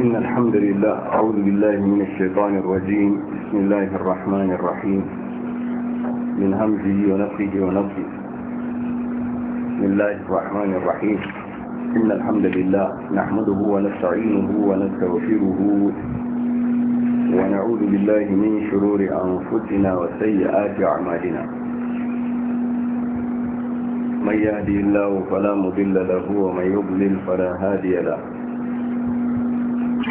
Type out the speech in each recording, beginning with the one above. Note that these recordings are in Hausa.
إن الحمد لله أعوذ بالله من الشيطان الرجيم بسم الله الرحمن الرحيم من همزه ونفه ونفه بسم الله الرحمن الرحيم إن الحمد لله نحمده ونستعينه ونستغفره ونعوذ بالله من شرور أنفسنا وسيئات أعمالنا من يهدي الله فلا مضل له ومن يضلل فلا هادي له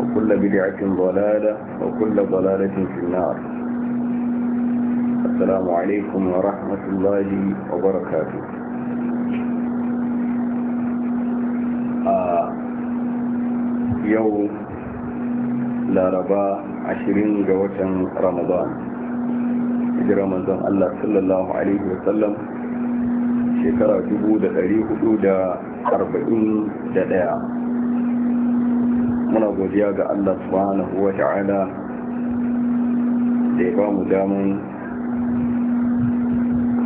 وكل بدعة ضلالة وكل ضلالة في النار السلام عليكم ورحمة الله وبركاته آه يوم لاربا عشرين جوة رمضان إجرى منزل الله صلى الله عليه وسلم شكرا جبود أريه دا أربعين دا, دا muna godiya ga Allah subhanahu wa ta'ala da ya ba mu daman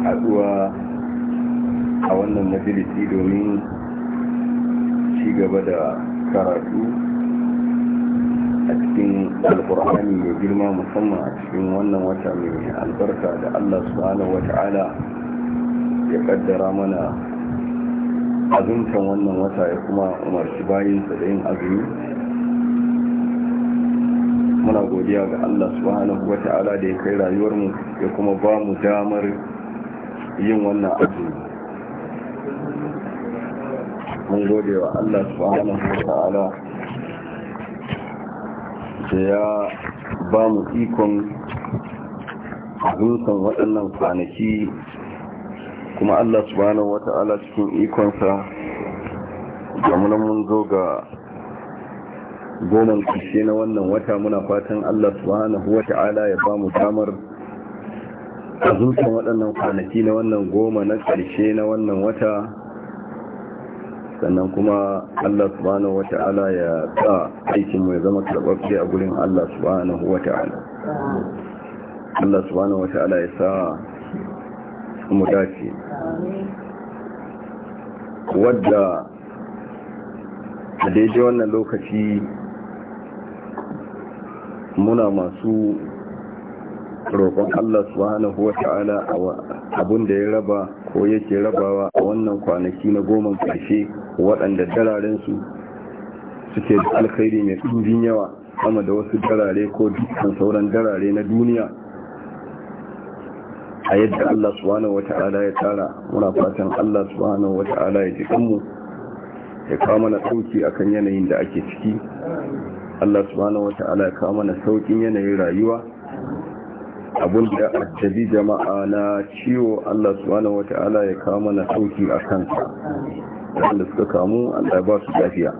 haɗuwa a wannan majalisi domin ci gaba da karatu a cikin alkur'ani mai girma musamman a cikin wannan wata mai albarka da Allah subhanahu wa ta'ala ya kaddara mana azuntan wannan wata ya kuma umarci bayinsa da yin azumi muna godiya ga Allah subhanahu wa ta'ala da ya kai rayuwar mu ya kuma ba mu damar yin wannan abu mun gode wa Allah subhanahu wa ta'ala da ya ba mu ikon zuwan waɗannan kwanaki kuma Allah subhanahu wa ta'ala cikin ikonsa gamunan mun zo ga goma ƙarshe na wannan wata muna fatan Allah subhanahu wa ta'ala ya ba mu damar azurtan waɗannan kwanaki na wannan goma na ƙarshe na wannan wata sannan kuma Allah subhanahu wa ta'ala ya sa aikinmu ya zama karɓaɓɓe a gurin Allah subhanahu wa ta'ala Allah subhanahu wa ta'ala ya sa mu dace wadda a daidai wannan lokaci muna masu roƙon Allah subhanahu wa a abin da ya raba ko yake rabawa a wannan kwanaki na goma ƙarshe waɗanda dararensu suke da alkhairi mai ɗumbin yawa sama da wasu darare ko dukkan sauran darare na duniya a yadda Allah subhanahu ya tsara muna fatan Allah subhanahu wa ya ji kanmu ya kama na ɗauki akan yanayin da ake ciki Allah subhanahu wata'ala ya kawo mana saukin yanayin rayuwa abun da addabi jama'a na ciwo Allah subhanahu wata'ala ya kawo mana sauki a kansa wanda suka kamu Allah ya ba su lafiya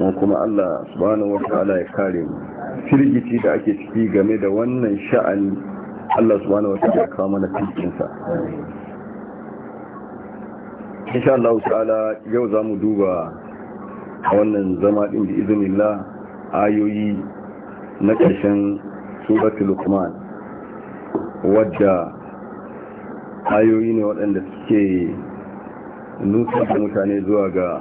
mun kuma Allah subhanahu wata'ala ya kare mu firgici da ake ciki game da wannan sha'ani Allah subhanahu wata'ala ya kawo mana saukin sa insha Allah ta'ala yau za mu duba a wannan zama din da izinillah ayoyi na ƙarshen surat lukman wadda ayoyi ne waɗanda suke nufin da mutane zuwa ga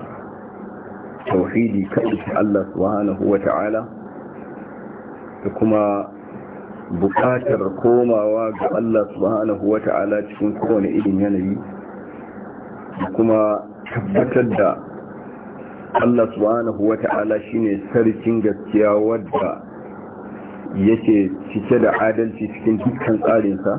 tauhidi shi Allah subhanahu wa ta'ala da kuma buƙatar komawa ga Allah subhanahu wa ta'ala cikin kowane irin yanayi da kuma tabbatar da Allah subhanahu wa ta'ala shine sarkin gaskiya wadda yake cike da adalci cikin dukkan tsarinsa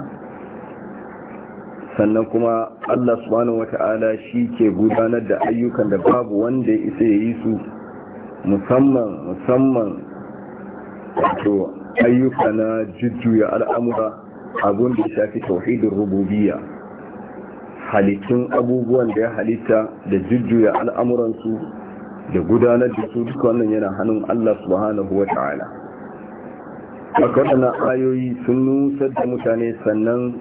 sannan kuma Allah subhanahu wa ta'ala shi ke gudanar da ayyukan da babu wanda ya isa ya yi su musamman musamman wato ayyuka na jujjuya al'amura abun da ya shafi tauhidin rububiya. halittun abubuwan da ya halitta da jujjuya al'amuransu da gudanar da su duka wannan yana hannun Allah subhanahu wa ta'ala waɗannan ayoyi sun nusar da mutane sannan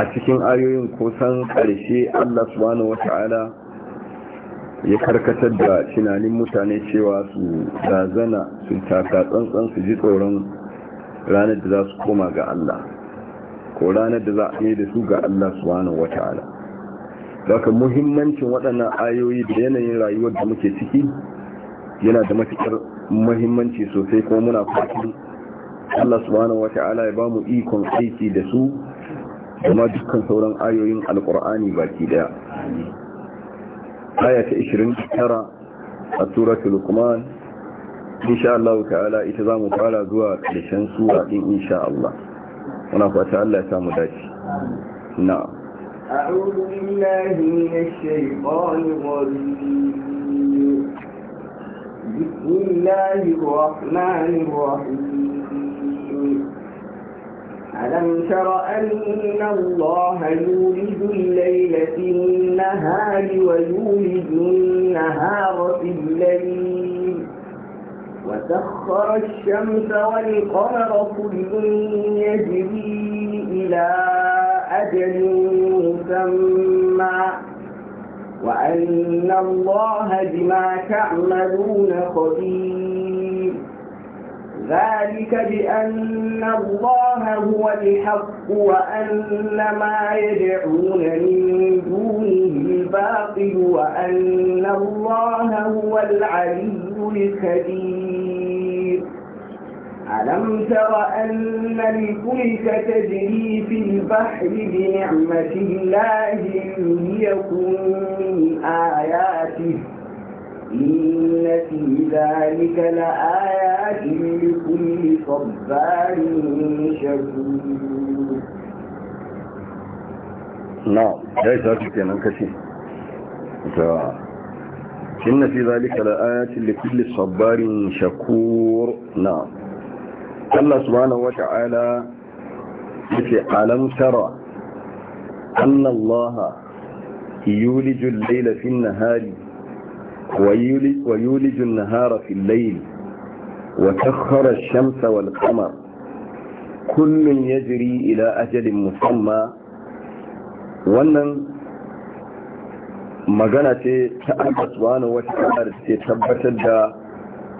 a cikin ayoyin kusan ƙarshe Allah subhanahu wa ta'ala ya karkatar da tunanin mutane cewa su zazana, su taka tsantsan su ji tsoron ranar da za su koma ga Allah ko ranar da za a yi da su ga Allah subhanahu wa ta'ala daga muhimmancin waɗannan ayoyi da yanayin rayuwar da muke ciki yana da matuƙar muhimmanci sosai kuma muna fatan Allah subhanahu wata'ala ya bamu ikon aiki da su kuma dukkan sauran ayoyin alkur'ani baki daya aya ta 29 a suratul luqman insha Allah ta'ala ita zamu fara zuwa karshen sura din insha Allah muna fata Allah ya samu dace na'am أعوذ بالله من الشيطان الرجيم بسم الله الرحمن الرحيم ألم تر أن الله يولد الليل في النهار ويولد النهار في الليل وسخر الشمس والقمر كل يجري إلى أجل مسمى وأن الله بما تعملون خبير ذلك بأن الله هو الحق وأن ما يدعون من دونه الباطل وأن الله هو العلي الكبير ألم تر أن الفلك تجري في البحر بنعمة الله ليكون من آياته إن في ذلك لآيات لكل صبار شكور نعم يا إساك كنا كثير إن في ذلك لآيات لكل صبار شكور نعم Allah subhanahu wata'ala yace alam tara anna Allah yuliju al-layla fi an-nahari wa yuliju an-nahara fi al-layli wa sakhkhara ash-shamsa wal-qamara kullun yajri ila ajalin musamma wannan magana ce ta Allah subhanahu wata'ala da ce tabbatar da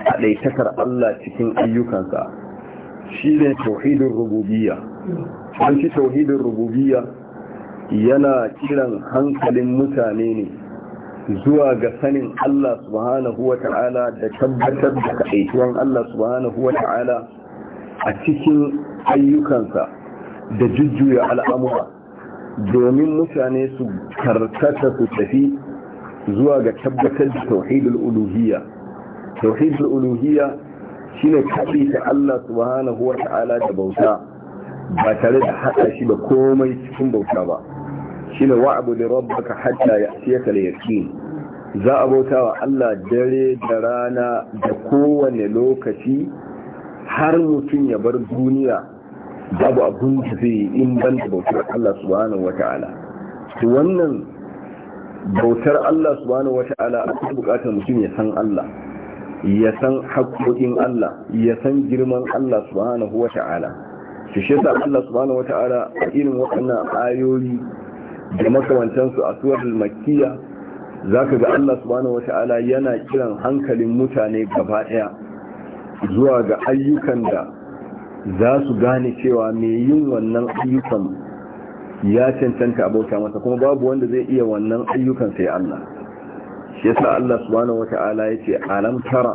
haɗaitakar Allah cikin ayyukansa shi ne tauhidin rububiyya an ci tauhidin rububiyya yana kiran hankalin mutane ne zuwa ga sanin Allah subhanahu wa ta'ala da tabbatar da kaɗaituwan Allah subhanahu wa ta'ala a cikin ayyukansa da jujjuya al'amura domin mutane su karkata su tafi zuwa ga tabbatar da tauhidul uluhiyya tauhidul uluhiyya shine kaɗi ta Allah subhanahu wa ta'ala da bauta ba tare da haɗa shi da komai cikin bauta ba shine wa'abu li rabbaka hatta ya'tiyaka al-yaqin za a bauta wa Allah dare da rana da kowane lokaci har mutum ya bar duniya babu abun da zai in ban da bautar Allah subhanahu ta'ala. to wannan bautar Allah subhanahu ta'ala a cikin bukatar mutum ya san Allah ya san haƙoƙin Allah ya san girman Allah subhanahu wata'ala shi shi sa Allah subhanahu wata'ala irin waɗannan ayoyi da makamantansu a makiya za ka ga Allah subhanahu wata'ala yana kiran hankalin mutane gaba ɗaya zuwa ga ayyukan da za su gane cewa mai yin wannan ayyukan ya cancanta abota masa kuma babu wanda zai iya wannan ayyukan sai Allah shi yasa Allah subhanahu wata'ala yace alam tara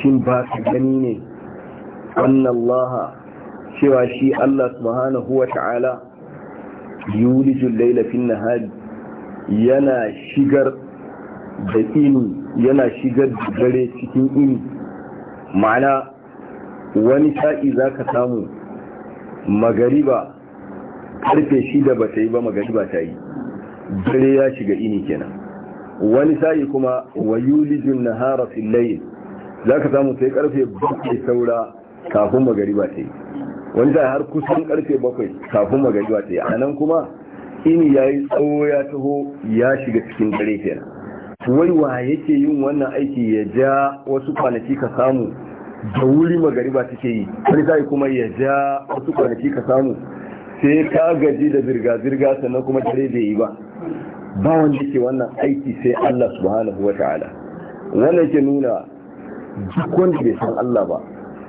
shin ba ka gani ne annallaha cewa shi Allah subhanahu wata'ala yulijul layla fin nahari yana shigar da ini yana shigar da dare cikin ini ma'ana wani sa'i za ka samu magariba karfe shida ba ta yi ba magariba ta yi dare ya shiga ini kenan wani sa'i kuma wa yulijun nahara fil layl zaka samu sai karfe 7 saura kafin magariba ta yi wani sa'i har kusan karfe 7 kafin magariba ta yi anan kuma ini yayi tsawo ya taho ya shiga cikin dare ke wai wa yake yin wannan aiki ya ja wasu kwanaki ka samu da wuri magariba take yi wani sa'i kuma ya ja wasu kwanaki ka samu sai ka gaji da zirga-zirga sannan kuma dare bai yi ba ba wanda ke wannan aiki sai Allah subhanahu wa ta'ala wannan ke nuna duk wanda bai san Allah ba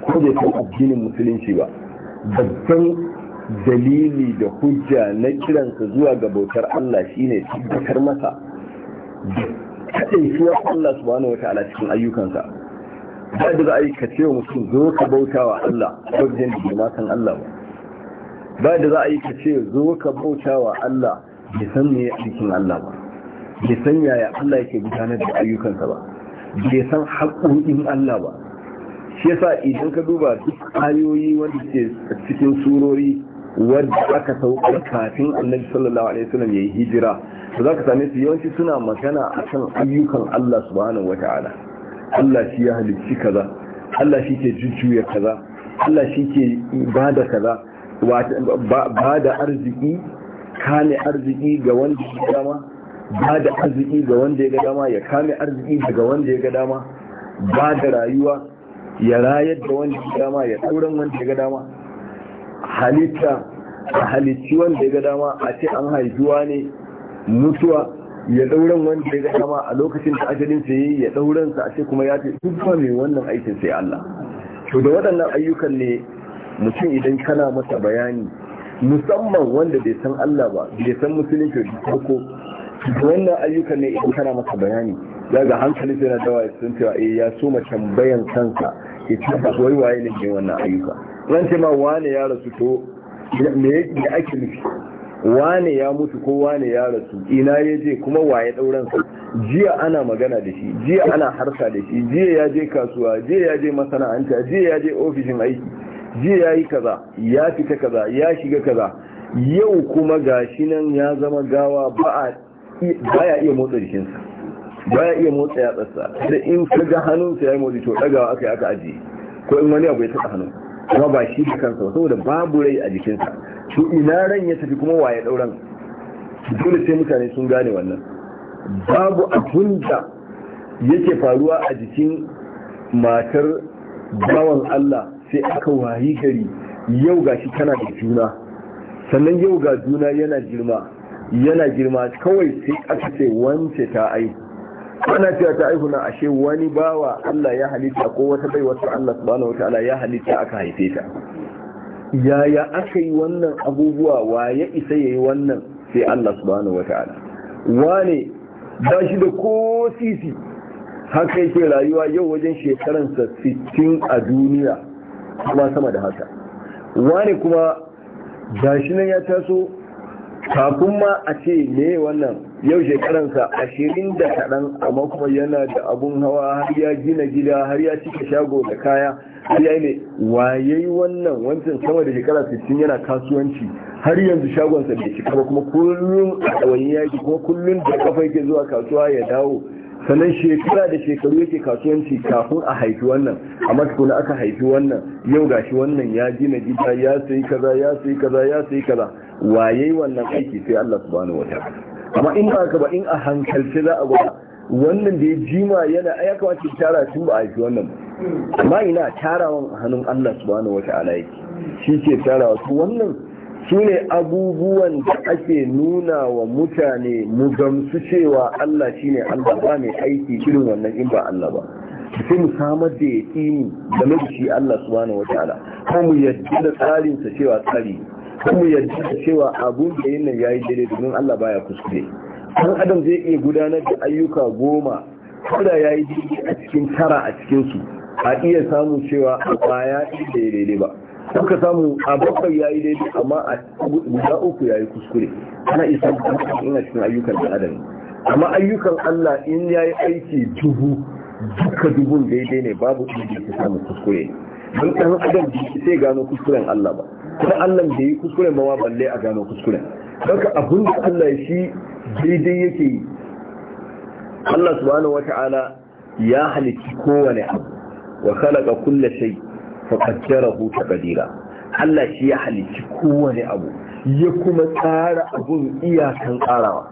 ko bai san addinin musulunci ba babban dalili da hujja na kiransa zuwa ga bautar Allah shine tabbatar masa kaɗai suwa Allah subhanahu wa ta'ala cikin ayyukansa ba da za ka ce mutum zo ka bauta wa Allah ko jin da ma san Allah ba ba da za a yi ka ce zo ka bauta wa Allah bai san me aikin Allah ba bai san yaya Allah yake gudanar da ayyukansa ba bai san haƙoƙin Allah ba shi yasa idan ka duba duk ayoyi wanda ke cikin surori wanda aka sauka kafin annabi sallallahu alaihi wasallam yayi hijira to zaka same su yawanci suna magana akan ayyukan Allah subhanahu wataala Allah shi ya halicci kaza Allah shi ke jujjuya kaza Allah shi ke bada kaza ba da arziki kame arziki ga wanda ya dama ba da arziki ga wanda ya ga dama ya kame arziki daga wanda ya ga dama ba da rayuwa ya rayar da wanda ya dama ya tsoron wanda ya ga dama halitta a halicci wanda ya ga dama a ce an haifuwa ne mutuwa ya tsoron wanda ya ga dama a lokacin da ajalin sa yi ya tsoron sa a ce kuma ya ce duk mai wannan aikin sai Allah to da waɗannan ayyukan ne mutum idan kana masa bayani musamman wanda bai san Allah ba bai san musulunci ba ko wannan ayyukan ne idan kana masa bayani ga hankali sai na dawa ya san cewa eh ya so tambayan kansa ya ce ba wai waye ne ke wannan ayyuka zan ce wane ya rasu to me yake ake nufi wane ya mutu ko wane ya rasu ina ya je kuma waye dauran sa jiya ana magana da shi jiya ana harka da shi jiya ya je kasuwa jiya ya je masana'anta jiya ya je ofishin aiki jiya ya yi kaza ya fita kaza ya shiga kaza yau kuma gashi nan ya zama gawa ba ya iya motsa jikinsa ba ya iya motsa yatsarsa da in ga hannunsa ya yi motsi to ɗagawa aka yi aka ajiye ko in wani abu ya taɓa hannun kuma ba shi da kansa saboda babu rai a jikinsa to ina ran ya tafi kuma waye ɗauran dole sai mutane sun gane wannan babu abun da yake faruwa a jikin matar bawan Allah sai aka wayi gari yau ga shi tana da juna sannan yau ga juna yana girma yana girma kawai sai aka ce wance ta aihu ana cewa ta aihu na ashe wani bawa Allah ya halitta ko wata bai wasu Allah subhanahu wataala ya halitta aka haife ta yaya aka yi wannan abubuwa wa ya isa yayi wannan sai Allah subhanahu wataala wane ba shi da ko sisi haka yake rayuwa yau wajen shekaransa 60 a duniya kuma sama da haka wani kuma gashi nan ya taso kafin ma a ce me wannan yau shekaransa ashirin da kaɗan amma kuma yana da abun hawa har ya gina gida har ya cika shago da kaya har ya ne wayayi wannan wancan sama da shekara sittin yana kasuwanci har yanzu shagonsa bai cika ba kuma kullum a ɗawayin yaki kuma kullum da kafa yake zuwa kasuwa ya dawo sannan shekara da shekaru yake kasuwanci kafin a haifi wannan a matukuna aka haifi wannan yau gashi wannan ya gina gida ya sai kaza ya sai kaza ya sai kaza waye wannan aiki sai Allah subhanahu wataala amma in ba ka ba in a hankalce za a gwada wannan da ya jima yana ya wace tara tun ba a haifi wannan amma ina tarawan hannun Allah subhanahu wataala yake shi ke tarawa to wannan shine abubuwan da ake nuna wa mutane mu gamsu cewa Allah shine Allah ba mai aiki shirin wannan in ba Allah ba sai mu samar da yaƙini game da shi Allah subhanahu wataala ko mu yadda da tsarin sa cewa tsari ko mu yadda da cewa abun da yin nan yayi daidai domin Allah baya kuskure dan adam zai iya gudanar da ayyuka goma koda yayi daidai a cikin tara a cikin su a iya samun cewa a baya daidai ba kuka samu a bakwai ya yi daidai amma a guda uku ya yi kuskure ana isa ina cikin ayyukan da adam amma ayyukan allah in ya yi aiki dubu duka dubun daidai ne babu inda ya samu kuskure don ɗan adam sai gano kuskuren allah ba kuma allah da yi kuskuren ba balle a gano kuskuren don ka abin da allah shi daidai yake yi allah subhanahu wa ta'ala ya halicci kowane abu wa khalaqa kulle shay faƙaddarahu ƙadira, Allah shi ya halicci kowane abu ya kuma tsara abun iyakan tsarawa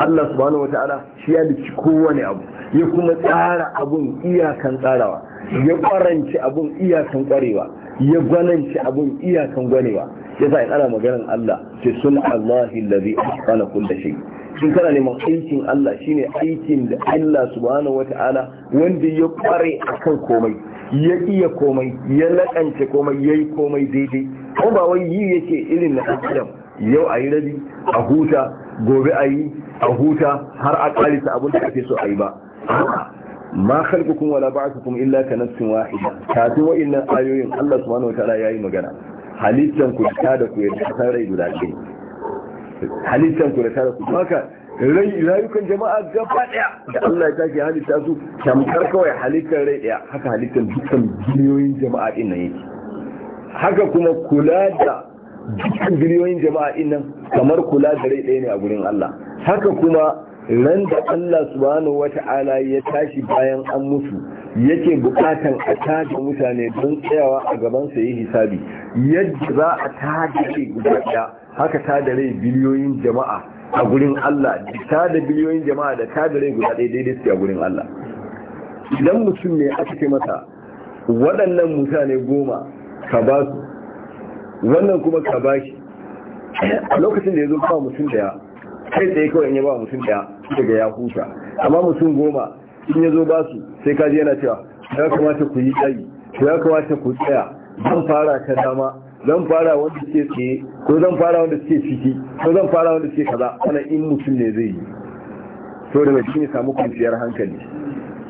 Allah subhanahu ta'ala shi ya halicci kowane abu ya kuma tsara abun iyakan tsarawa ya kwaranci abun iyakan ƙwarewa, ya gwananci abun iyakan gwanewa ya sa in ana maganar Allah ce sun Allahi lazi asfana kulla shi sun kana neman aikin Allah shine aikin da Allah subhanahu ta'ala wanda ya ƙware akan komai ya iya komai ya laƙance komai ya yi komai daidai ko ba wai yi yake irin na adam yau a yi rabi a huta gobe a yi a huta har a ƙarisa abin da ake so a yi ba ma kun wala kuma illa ka nafsin wahida kafin wa'annan ayoyin Allah subhanahu ya yi magana halittan ku ta da ku ya ta rai guda ke halittan ku da ta da ku maka rayukan jama'a gaba daya da Allah ya hali halitta su tamkar kawai halittar rai daya haka halittar dukkan biliyoyin jama'a din nan yake haka kuma kula da dukkan biliyoyin jama'a din nan kamar kula da rai daya ne a gurin Allah haka kuma ran da Allah subhanahu wata'ala ya tashi bayan an musu yake bukatan a tada mutane don tsayawa a gaban sa yi hisabi yadda za a tada rai guda haka tada rai biliyoyin jama'a a gurin Allah ta da biliyoyin jama'a da ta da rai guda ɗaya daidai su a gurin Allah idan mutum ne aka ce masa waɗannan mutane goma ka ba su wannan kuma ka ba shi a lokacin da ya zo kawo mutum daya kai tsaye kawai in ya ba mutum daya daga ya huta amma mutum goma in ya zo ba su sai kaji yana cewa ya kamata ku yi tsayi ya kamata ku tsaya zan fara ta dama zan fara wanda suke tsaye ko zan fara wanda suke ciki ko zan fara wanda suke kaza wannan in mutum ne zai yi so da shi ne samu kwanciyar hankali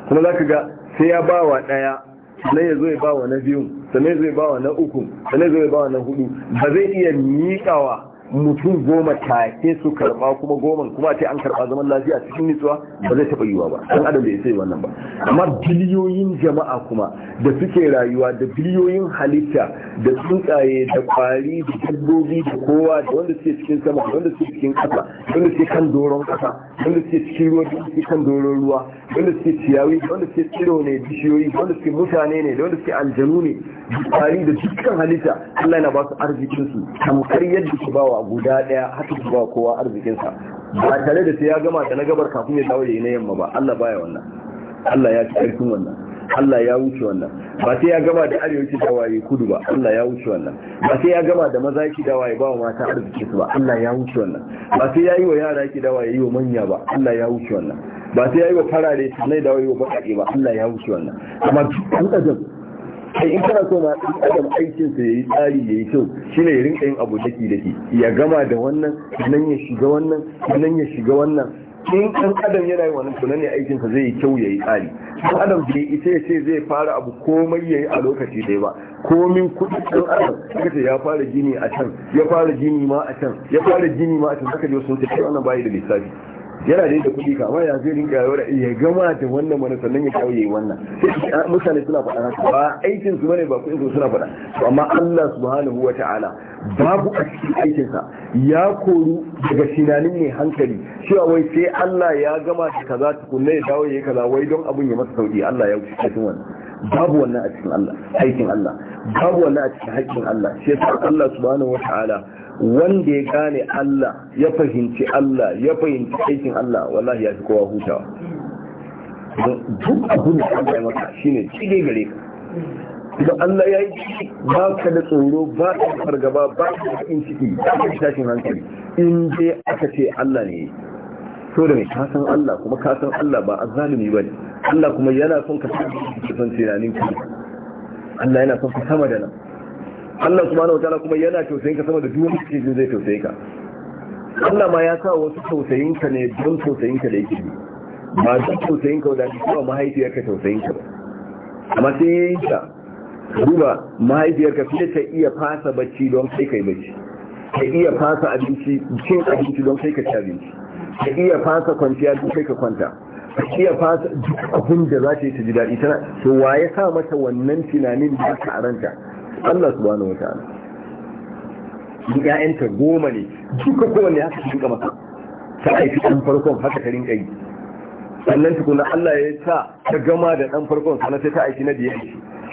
kuma za ka ga sai ya bawa daya ɗaya sannan ya zo ya bawa na biyun sannan ya zo ya bawa na ukun sannan ya zo ya bawa na hudu ba zai iya miƙawa mutum goma take su karba kuma goma kuma ce an karba zaman lafiya cikin nutsuwa ba zai taba yiwa ba dan adam da ya sai wannan ba amma biliyoyin jama'a kuma da suke rayuwa da biliyoyin halitta da tsuntsaye da kwari da dabbobi da kowa da wanda suke cikin sama da wanda suke cikin ƙasa wanda suke kan doron ƙasa wanda suke cikin ruwa da suke kan doron ruwa wanda suke ciyawi da wanda suke tsiro ne bishiyoyi da wanda suke mutane ne da wanda suke aljanu ne kwari da dukkan halitta Allah yana ba su arzikin su tamkar yadda su bawa guda daya haka su ba kowa arzikinsa ba tare da sai ya gama da na gabar kafin ya dawo yayi na yamma ba Allah baya wannan Allah ya ci karfin wannan Allah ya wuce wannan ba sai ya gama da arewa ki dawaye kudu ba Allah ya wuce wannan ba sai ya gama da maza ki dawaye ba wa mata arziki su ba Allah ya wuce wannan ba sai ya yi wa yara ki dawaye yi wa manya ba Allah ya wuce wannan ba sai ya yi wa farare sanai dawaye wa baƙaƙe ba Allah ya wuce wannan amma duk an sai in kana so ma ɗan adam aikin sa yayi tsari yayi kyau shine ya rinka yin abu daki daki ya gama da wannan nan ya shiga wannan nan ya shiga wannan in ɗan adam yana yi wannan tunan ne aikinsa zai yi kyau ya yi tsari ɗan adam bai ita ya ce zai fara abu komai ya a lokaci daya ba komin kuɗi ɗan adam suka ce ya fara gini a can ya fara gini ma a can ya fara gini ma a can suka je sun ce wannan bai da lissafi yana da da kuɗi kama ya zai rinka yau da ya gama da wannan wani sannan ya kawo yayi wannan sai mutane suna faɗa haka ba aikin su bane ba kuɗin su suna faɗa to amma Allah subhanahu wa ta'ala babu a cikin aikin sa ya koru daga sinanin ne hankali cewa wai sai Allah ya gama da kaza tukunna ya dawo yayi kaza wai don abun ya masa sauki Allah ya wuce cikin wannan babu wannan a cikin Allah aikin Allah babu wannan a cikin haƙƙin Allah sai Allah subhanahu wa ta'ala wanda ya gane Allah ya fahimci Allah ya fahimci aikin Allah wallahi ya fi kowa hutawa duk abin da Allah ya maka shine cike gare ka idan Allah ya yi ba ka da tsoro ba ka da fargaba ba ka da in ciki ba ka da tashin hankali in dai aka ce Allah ne so da mai ka san Allah kuma ka san Allah ba ba ne. Allah kuma yana son ka san tunanin ka Allah yana son ka sama da nan Allah subhanahu ta'ala kuma yana tausayin ka sama da duk wani cikin zai tausayi ka Allah ma ya sa wasu tausayin ka ne don tausayin ka da yake bi ba duk tausayin ka wadanda kuma mahaifiyar ka tausayin ka ba amma sai ya yi ta duba mahaifiyar ka fiye ta iya fasa bacci don kai kai bacci ta iya fasa abinci cin abinci don kai ka ci abinci ta iya fasa kwanciya don kai ka kwanta ta iya fasa duk abin da za ta yi ta ji daɗi tana to wa ya sa mata wannan tunanin da aka aranta Allah subhanahu wataala duk ƴaƴanta goma ne duka kowanne haka shi rinka ta aiki ɗan farkon haka ta rinka yi sannan tukuna Allah ya sa ta gama da ɗan farkon sannan sai ta aiki na biyar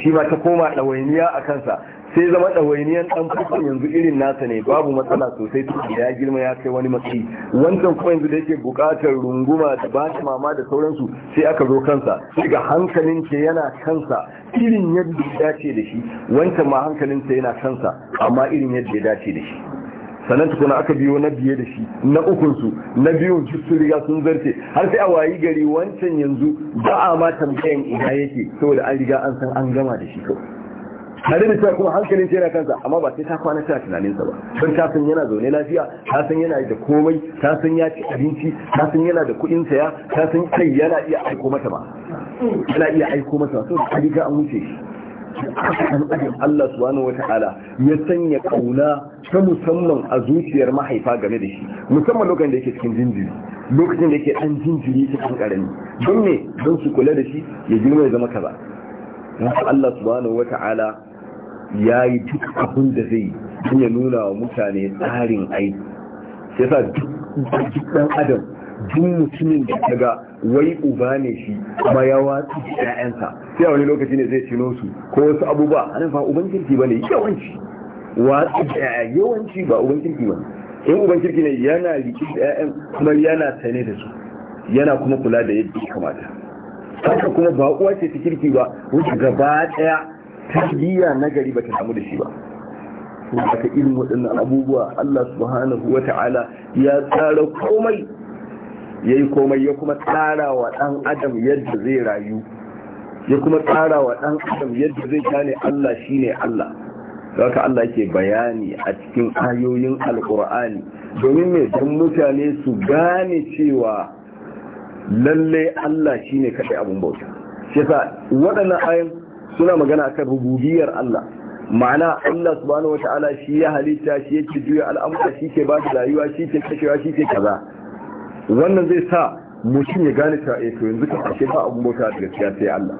shi ma ta koma ɗawainiya a kansa sai zama ɗawainiyar ɗan fukun yanzu irin nasa ne babu matsala sosai tuki ya girma ya kai wani matsayi wancan kuma yanzu da yake buƙatar runguma da ba shi mama da sauransu sai aka zo kansa ga hankalin ke yana kansa irin yadda ya dace da shi wancan ma hankalin sa yana kansa amma irin yadda ya dace da shi sannan tukuna aka biyo na biye da shi na su na biyun sun riga sun zarce har sai a wayi gari wancan yanzu ba a ma tambayan ina yake saboda an riga an san an gama da shi kawai tare da cewa kuma hankalin ce na kansa amma ba sai ta kwana tana tunaninsa ba don ta san yana zaune lafiya ta san yana da komai ta san ya ci abinci ta san yana da kuɗin saya ta san kai yana iya aiko mata ba yana iya aiko mata so da riga an wuce an Allah subhanahu wata'ala ya sanya kauna ta musamman a zuciyar mahaifa game da shi musamman lokacin da yake cikin jinjiri lokacin da yake an jinjiri ta kan karami don ne don su kula da shi ya girma ya zama kaza Allah subhanahu wata'ala ya yi duk abin da zai don nuna wa mutane tsarin aiki sai sa duk ɗan adam duk mutumin da ta ga wai uba ne shi kuma ya watsi ƴaƴansa sai wani lokaci ne zai cino su ko wasu abubuwa anan fa uban kirki ba ne yawanci watsi yaya yawanci ba uban kirki ba in uban kirki ne yana da ƴaƴan kuma yana sane da su yana kuma kula da yadda ya kamata haka kuma ba uwa ce ta kirki ba wuce gaba ɗaya tarbiyya na gari bata damu da shi ba haka irin waɗannan abubuwa Allah subhanahu wa ta'ala ya tsara komai ya yi komai ya kuma tsara wa ɗan adam yadda zai rayu ya kuma tsara wa ɗan adam yadda zai gane Allah shi ne Allah ka Allah ke bayani a cikin ayoyin alkur'ani domin mai don mutane su gane cewa lallai Allah shi ne kaɗai abin bauta shi waɗannan ayoyin suna magana akan rububiyar Allah ma'ana Allah subhanahu wata'ala shi ya halitta shi yake juya al'amura shi ke ba da rayuwa shi ke kashewa shi ke kaza wannan zai sa mutum ya gane cewa eh to yanzu ka kashe ba abun bauta da gaskiya sai Allah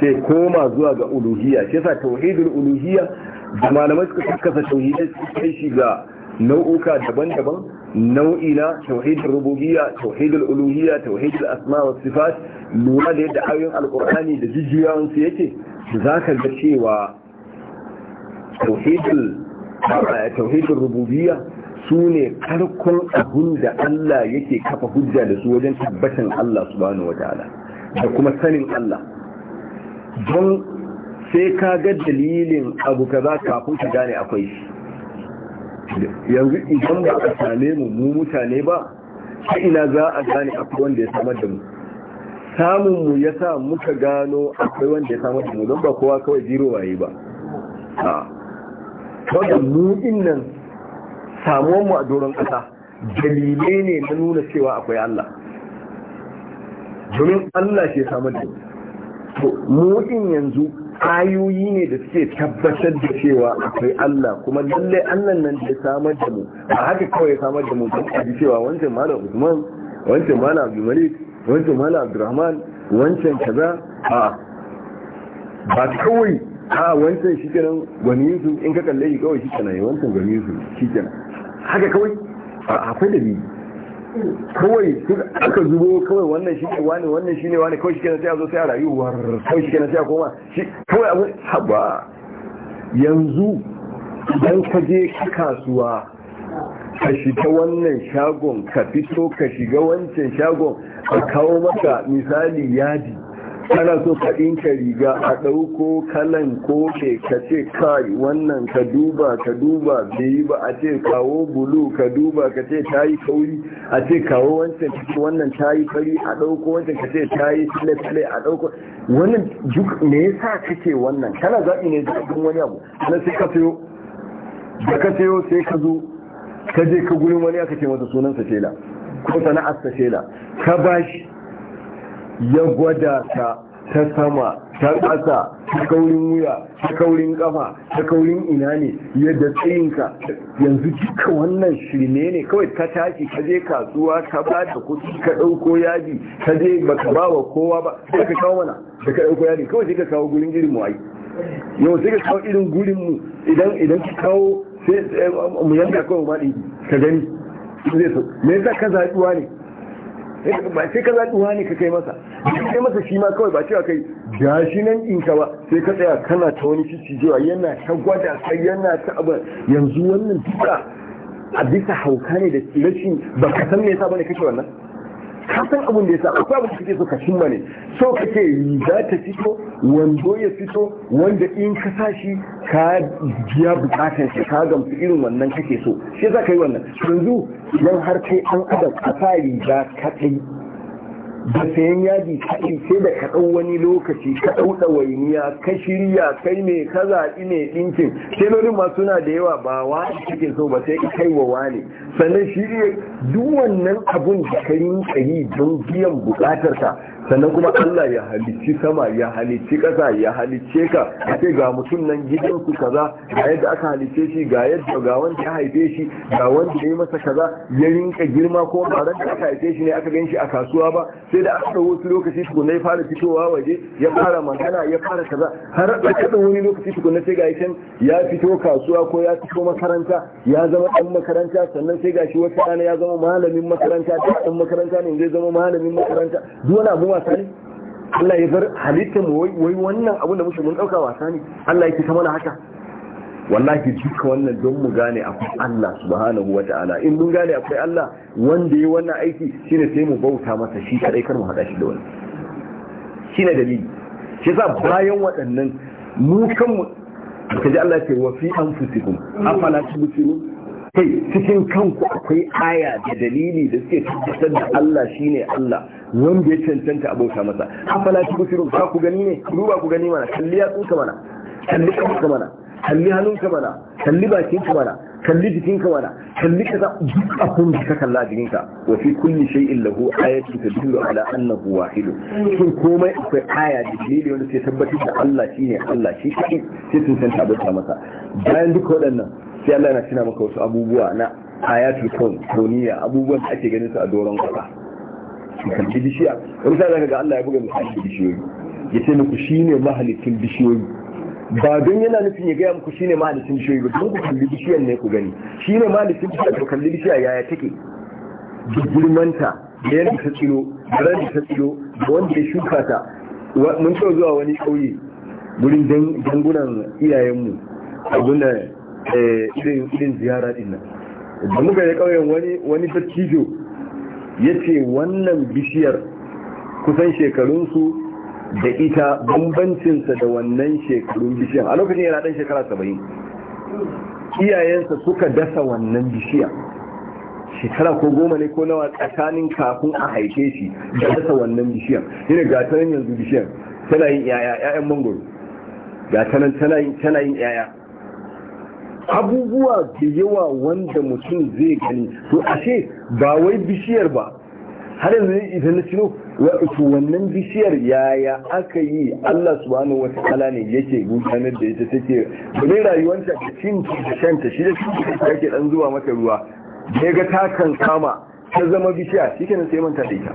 sai koma zuwa ga uluhiyya shi yasa tauhidul uluhiyya da malamai suka kasa tauhidai su kai shi ga nau'uka daban-daban nau'ina tauhidul rububiyya tauhidul uluhiyya tauhidul asma wa sifat lura da yadda ayoyin alkur'ani da jijjiyawan su yake zaka ga cewa tauhidul eh, tauhidul su sune karkon abun da Allah yake kafa hujja da su wajen tabbatar Allah subhanahu wataala da kuma sanin Allah don sai ka ga dalilin abu kaza kafin ka gane akwai shi yanzu idan ba a same mu mu mutane ba ta ina za a gane akwai wanda ya samar da mu samun mu ya sa muka gano akwai wanda ya samar da mu don ba kowa kawai jiro waye ba a da mu nan samuwan mu a doron ƙasa dalilai ne na nuna cewa akwai Allah domin Allah ke samar da mu mu yanzu ayoyi ne da suke tabbatar da cewa akwai Allah kuma lallai Allah nan da samar da mu a haka kawai samar da mu ba a ji cewa wancan malam Usman wancan malam Abdulmalik wancan malam Abdulrahman wancan kaza a ba kawai a wancan shi kenan gwani su in ka kalle shi kawai shi kenan wancan gwani su shi kenan haka kawai akwai da kawai aka zubo kawai wannan shi ne wani wannan shi ne wani kawai shi ke sai a zo sai a rayuwar kawai shi ke sai a koma shi kawai abin haba yanzu idan ka je kasuwa ka shiga wannan shagon ka fito ka shiga wancan shagon a kawo maka misali yadi kana so ka ɗinka riga a ɗauko kalan koke ka ce kai wannan ka duba ka duba bai ba a ce kawo bulu ka duba ka ce ta yi kauri a ce kawo wancan wannan ta yi fari a ɗauko wancan ka ce ta yi tile a ɗauko wannan duk me yasa kake wannan kana zaɓi ne da wani abu kana sai ka sayo da ka sayo sai ka zo ka je ka gurin wani aka ce masa sunansa tela ko sana'arsa tela ka bashi ya gwada ta, ta sama ta ƙasa ta kaurin wuya ta kaurin ƙafa ta kaurin ina ne yadda tsayinka yanzu duka wannan shirme ne kawai ta tashi ka je kasuwa ka ba da kuɗi ka ɗauko yaji ka je ba ka ba wa kowa ba sai ka kawo mana da ka ɗauko yaji kawai sai ka kawo gurin irin mu ai yau sai ka kawo irin gurin mu idan idan ka kawo sai eh, mu yanka kawai ma ɗin ka gani me yasa ka zaɓi ne Eh, ba sai ka zaɗi wani ka kai masa kai masa shi ma kawai ba cewa kai ga shi nan in ka ba sai ka tsaya kana ta wani cici cewa yana ta gwada sai yana ta abu yanzu wannan duka a bisa hauka ne da rashin ba ka san me yasa bane kake wannan ka san abin da ya sa akwai abin da kake so ka cimma ne so kake riga ta fito wando ya fito wanda in ka sa shi ka biya bukatan shi ka gamsu irin wannan kake so shi za ka yi wannan yanzu idan har kai an adam a sa riga kaɗai da sayan yaji kaɗai sai da ka ɗau wani lokaci ka ɗau ɗawainiya ka shirya kai ne ka zaɓi ne ɗinkin telolin ma suna da yawa ba wa cikin so ba sai kai wa wani. sannan shi ne duk wannan abun da ka yi don biyan buƙatarsa sannan kuma Allah ya halicci sama ya halicci ƙasa ya halicce ka a ce ga mutum nan gidansu kaza ga yadda aka halicce shi ga yadda ga wanda ya haife shi ga wanda ya yi masa kaza ya rinka girma ko ba ran da aka haife shi ne aka gan shi a kasuwa ba sai da aka wasu lokaci tukunna ya fara fitowa waje ya fara magana ya fara kaza har da kada wani lokaci tukunna sai gashi can ya fito kasuwa ko ya fito makaranta ya zama ɗan makaranta sannan sai gashi wata rana ya zama malamin makaranta da ɗan makaranta ne zai zama malamin makaranta duk wani abu wasa ne Allah ya bar halittar mu wai wannan abun da muke mun ɗauka wasa ne Allah ya fita mana haka wallahi duka wannan don mu gane akwai Allah subhanahu wa ta'ala in mun gane akwai Allah wanda ya wannan aiki shine sai mu bauta masa shi kadai kar mu hada shi da wani shine dalili shi sa bayan waɗannan mu kan mu kaji Allah ce wa fi anfusikum afala tubsirun kai cikin kanku akwai aya da dalili da suke tabbatar da Allah shine Allah wanda ya cancanta a bauta masa afala tubsirun ka ku gani ne duba ku gani mana kalliya tsuka mana kalli tsuka mana kalli hannunka mana kalli bakinka mana kalli jikinka mana kalli kaza duk abin da ka kalla jikinka wa fi kulli shay'in lahu ayatu tadullu ala annahu wahid shin komai akwai aya da dalili wanda sai tabbatar da Allah shine Allah shi kai sai sun san tabbata masa bayan duk waɗannan sai Allah yana cina maka wasu abubuwa na ayatu kun duniya abubuwan da ake ganin su a doron kasa kalli bishiya wani sai zaka ga Allah ya buga misali bishiyoyi ya ce muku shine mahalicin bishiyoyi ba don yana nufin ya gaya muku shine mahalicin bishiyoyi ba don ku kalli bishiyar ne ku gani shine mahalicin bishiyar ku kalli bishiya yaya take da girmanta da yadda ta tsiro da ran da ta tsiro da wanda ya shuka ta mun taɓa zuwa wani ƙauye gurin dangunan iyayenmu abin eh, irin ziyara din nan da muka yi ƙauyen wani wani dattijo ya ce wannan bishiyar kusan shekarunsu da ita bambancinsa da wannan shekarun bishiyan a lokacin yana ɗan shekara saba'in iyayensa suka dasa wannan bishiya shekara ko goma ne ko nawa tsakanin kafin a haife shi da dasa wannan bishiyan yana gatanan yanzu bishiyan tana yin yaya yayan mangoro gatanan tana yin yaya abubuwa da yawa wanda mutum zai gani to ashe ba wai bishiyar ba har yanzu idan na ciro wato wannan bishiyar yaya aka yi Allah subhanahu ta'ala ne yake gudanar da ita take bane rayuwanta da cin shan shanta shi da shi yake dan zuwa maka ruwa da ga ta kan kama ta zama bishiya shikenan sai manta da ita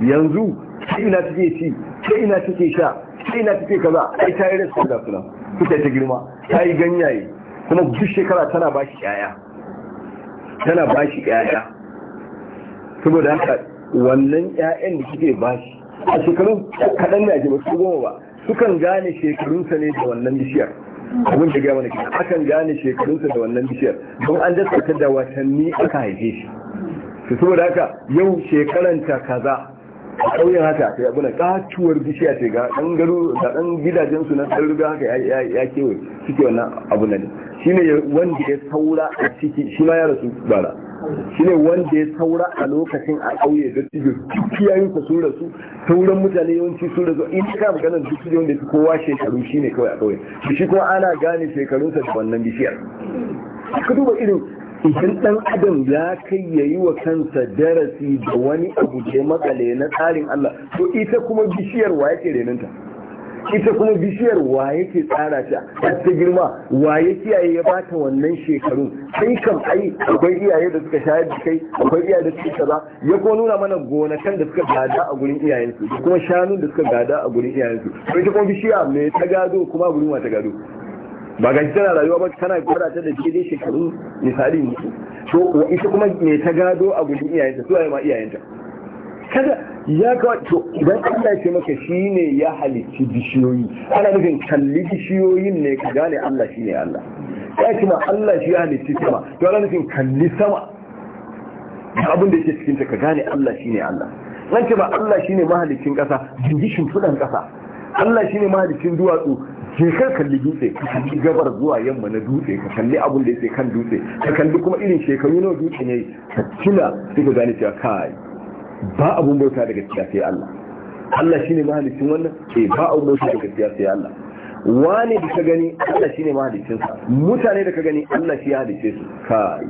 yanzu sai ina take ci sai ina take sha sai ina take kaza ai ta yi rasu da suna kuka ta girma ta yi ganyaye kuma duk shekara tana ba shi yaya tana ba shi yaya saboda haka wannan 'ya'yan da suke ba shi a shekarun kaɗan da ake su goma ba sukan gane shekarunsa ne da wannan bishiyar abin da gaba nake akan gane shekarunsa da wannan bishiyar don an dasa da watanni aka haife shi su da haka yau shekaranta kaza a ƙauyen haka sai abuna ƙatuwar bishiya ce ga ɗan garu da ɗan gidajen su na ɗaruga haka ya kewaye suke wannan abu na ne shine wanda ya saura a ciki shi ma ya rasu bara Shi ne wanda ya saura a lokacin a kauye da tijo sun rasu sauran mutane yawanci sun rasu in ka magana dukiyoyin da kowa shekaru shine kawai a ƙauye shi kuma ana gane shekarunsa da wannan bishiyar ka duba irin idan ɗan adam ya kai ya yi wa kansa darasi da wani abu da ya makale na tsarin Allah to ita kuma bishiyar wa yake renanta ita kuma bishiyar wa yake tsara ta ta girma wa ya kiyaye ya bata wannan shekarun sai kam ai akwai iyaye da suka shayar da kai akwai iyaye da suka kaza ya ko nuna mana gonakan da suka gada a gurin iyayensu da kuma shanun da suka gada a gurin iyayensu to ita kuma bishiya mai ta gado kuma gurin wa ta gado ba ga tana rayuwa ba tana gwada ta da daidai shekaru misali ne. to ita kuma mai ta gado a gurin iyayenta su ma iyayenta kada ya ga to idan Allah ya ce maka shine ya halicci bishiyoyi ana nufin kalli bishiyoyin ne ka gane Allah shine Allah ya ce ma Allah shi ya halicci sama to ana nufin kalli sama da abin da yake cikin ta ka gane Allah shine Allah nan ce ba Allah shine mahalicin kasa jingishin shimfudan kasa Allah shine mahalicin duwatsu ke ka kalli dutse ka kalli gabar zuwa yamma na dutse ka kalli abin da yake kan dutse ka kalli kuma irin shekaru nawa dutse ne ka kila sai ka gane cewa kai ba abun bauta daga gaskiya sai Allah Allah shine mahalicin wannan eh ba abun bauta daga gaskiya sai Allah wani da ka gani Allah shine mahalicin sa mutane da ka gani Allah shi ya halice su kai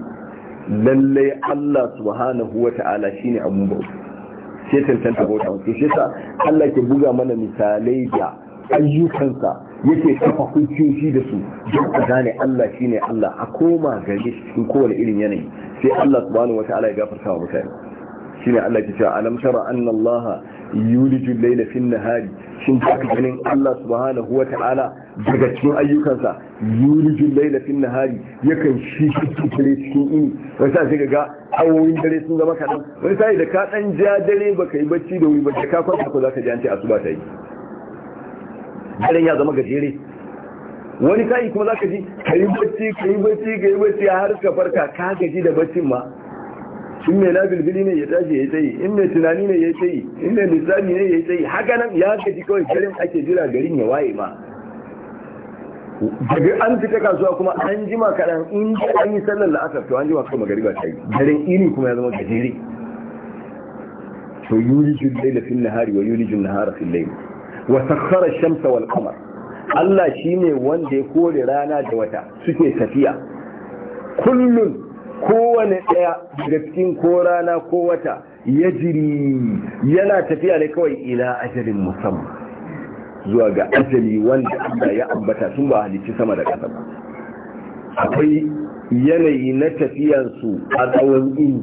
lalle Allah subhanahu wata'ala shine abun bauta sai tantance bauta to sai sa Allah ke buga mana misalai da ayyukansa yake kafa hukunci da su don a gane Allah shine Allah a koma gari shi cikin kowane irin yanayi sai Allah subhanahu wataala ya gafarta wa mutane shine Allah ke cewa alam tara anna Allah yulijul layla fin nahari shin ka ganin Allah subhanahu wa ta'ala daga cikin ayyukansa yulijul layla fin nahari yakan shi cikin cikin ini wani sai ka ga awoyin dare sun zama kaɗan wani sai da ka ɗan ja dare baka yi bacci da wuri ba ka kwanta ko zaka ji an ce asuba ta yi daren ya zama gajere wani sai kuma zaka ji ka yi bacci ka yi bacci ka bacci har ka farka ka gaji da baccin ma Shin mai nafilfili ne ya tashi ya tsayi in mai tunani ne ya tsayi in mai lissafi ne ya tsayi haka nan ya haka ji kawai garin ake jira garin ya waye ma daga an fita kasuwa kuma an jima kaɗan in ji an yi sallar la'asar to an jima kuma magariba ta yi garin iri kuma ya zama gajere to yulijin laila fil nahari wa yulijin nahara fil laila wa sakhara shamsa wal qamar Allah shine wanda ya kore rana da wata suke tafiya kullun kowane ɗaya daga cikin ko rana ko wata ya jiri yana tafiya ne kawai ila ajalin musamman zuwa ga ajali wanda Allah ya ambata sun ba halicci sama da ƙasa ba akwai yanayi na tafiyarsu a tsawon ini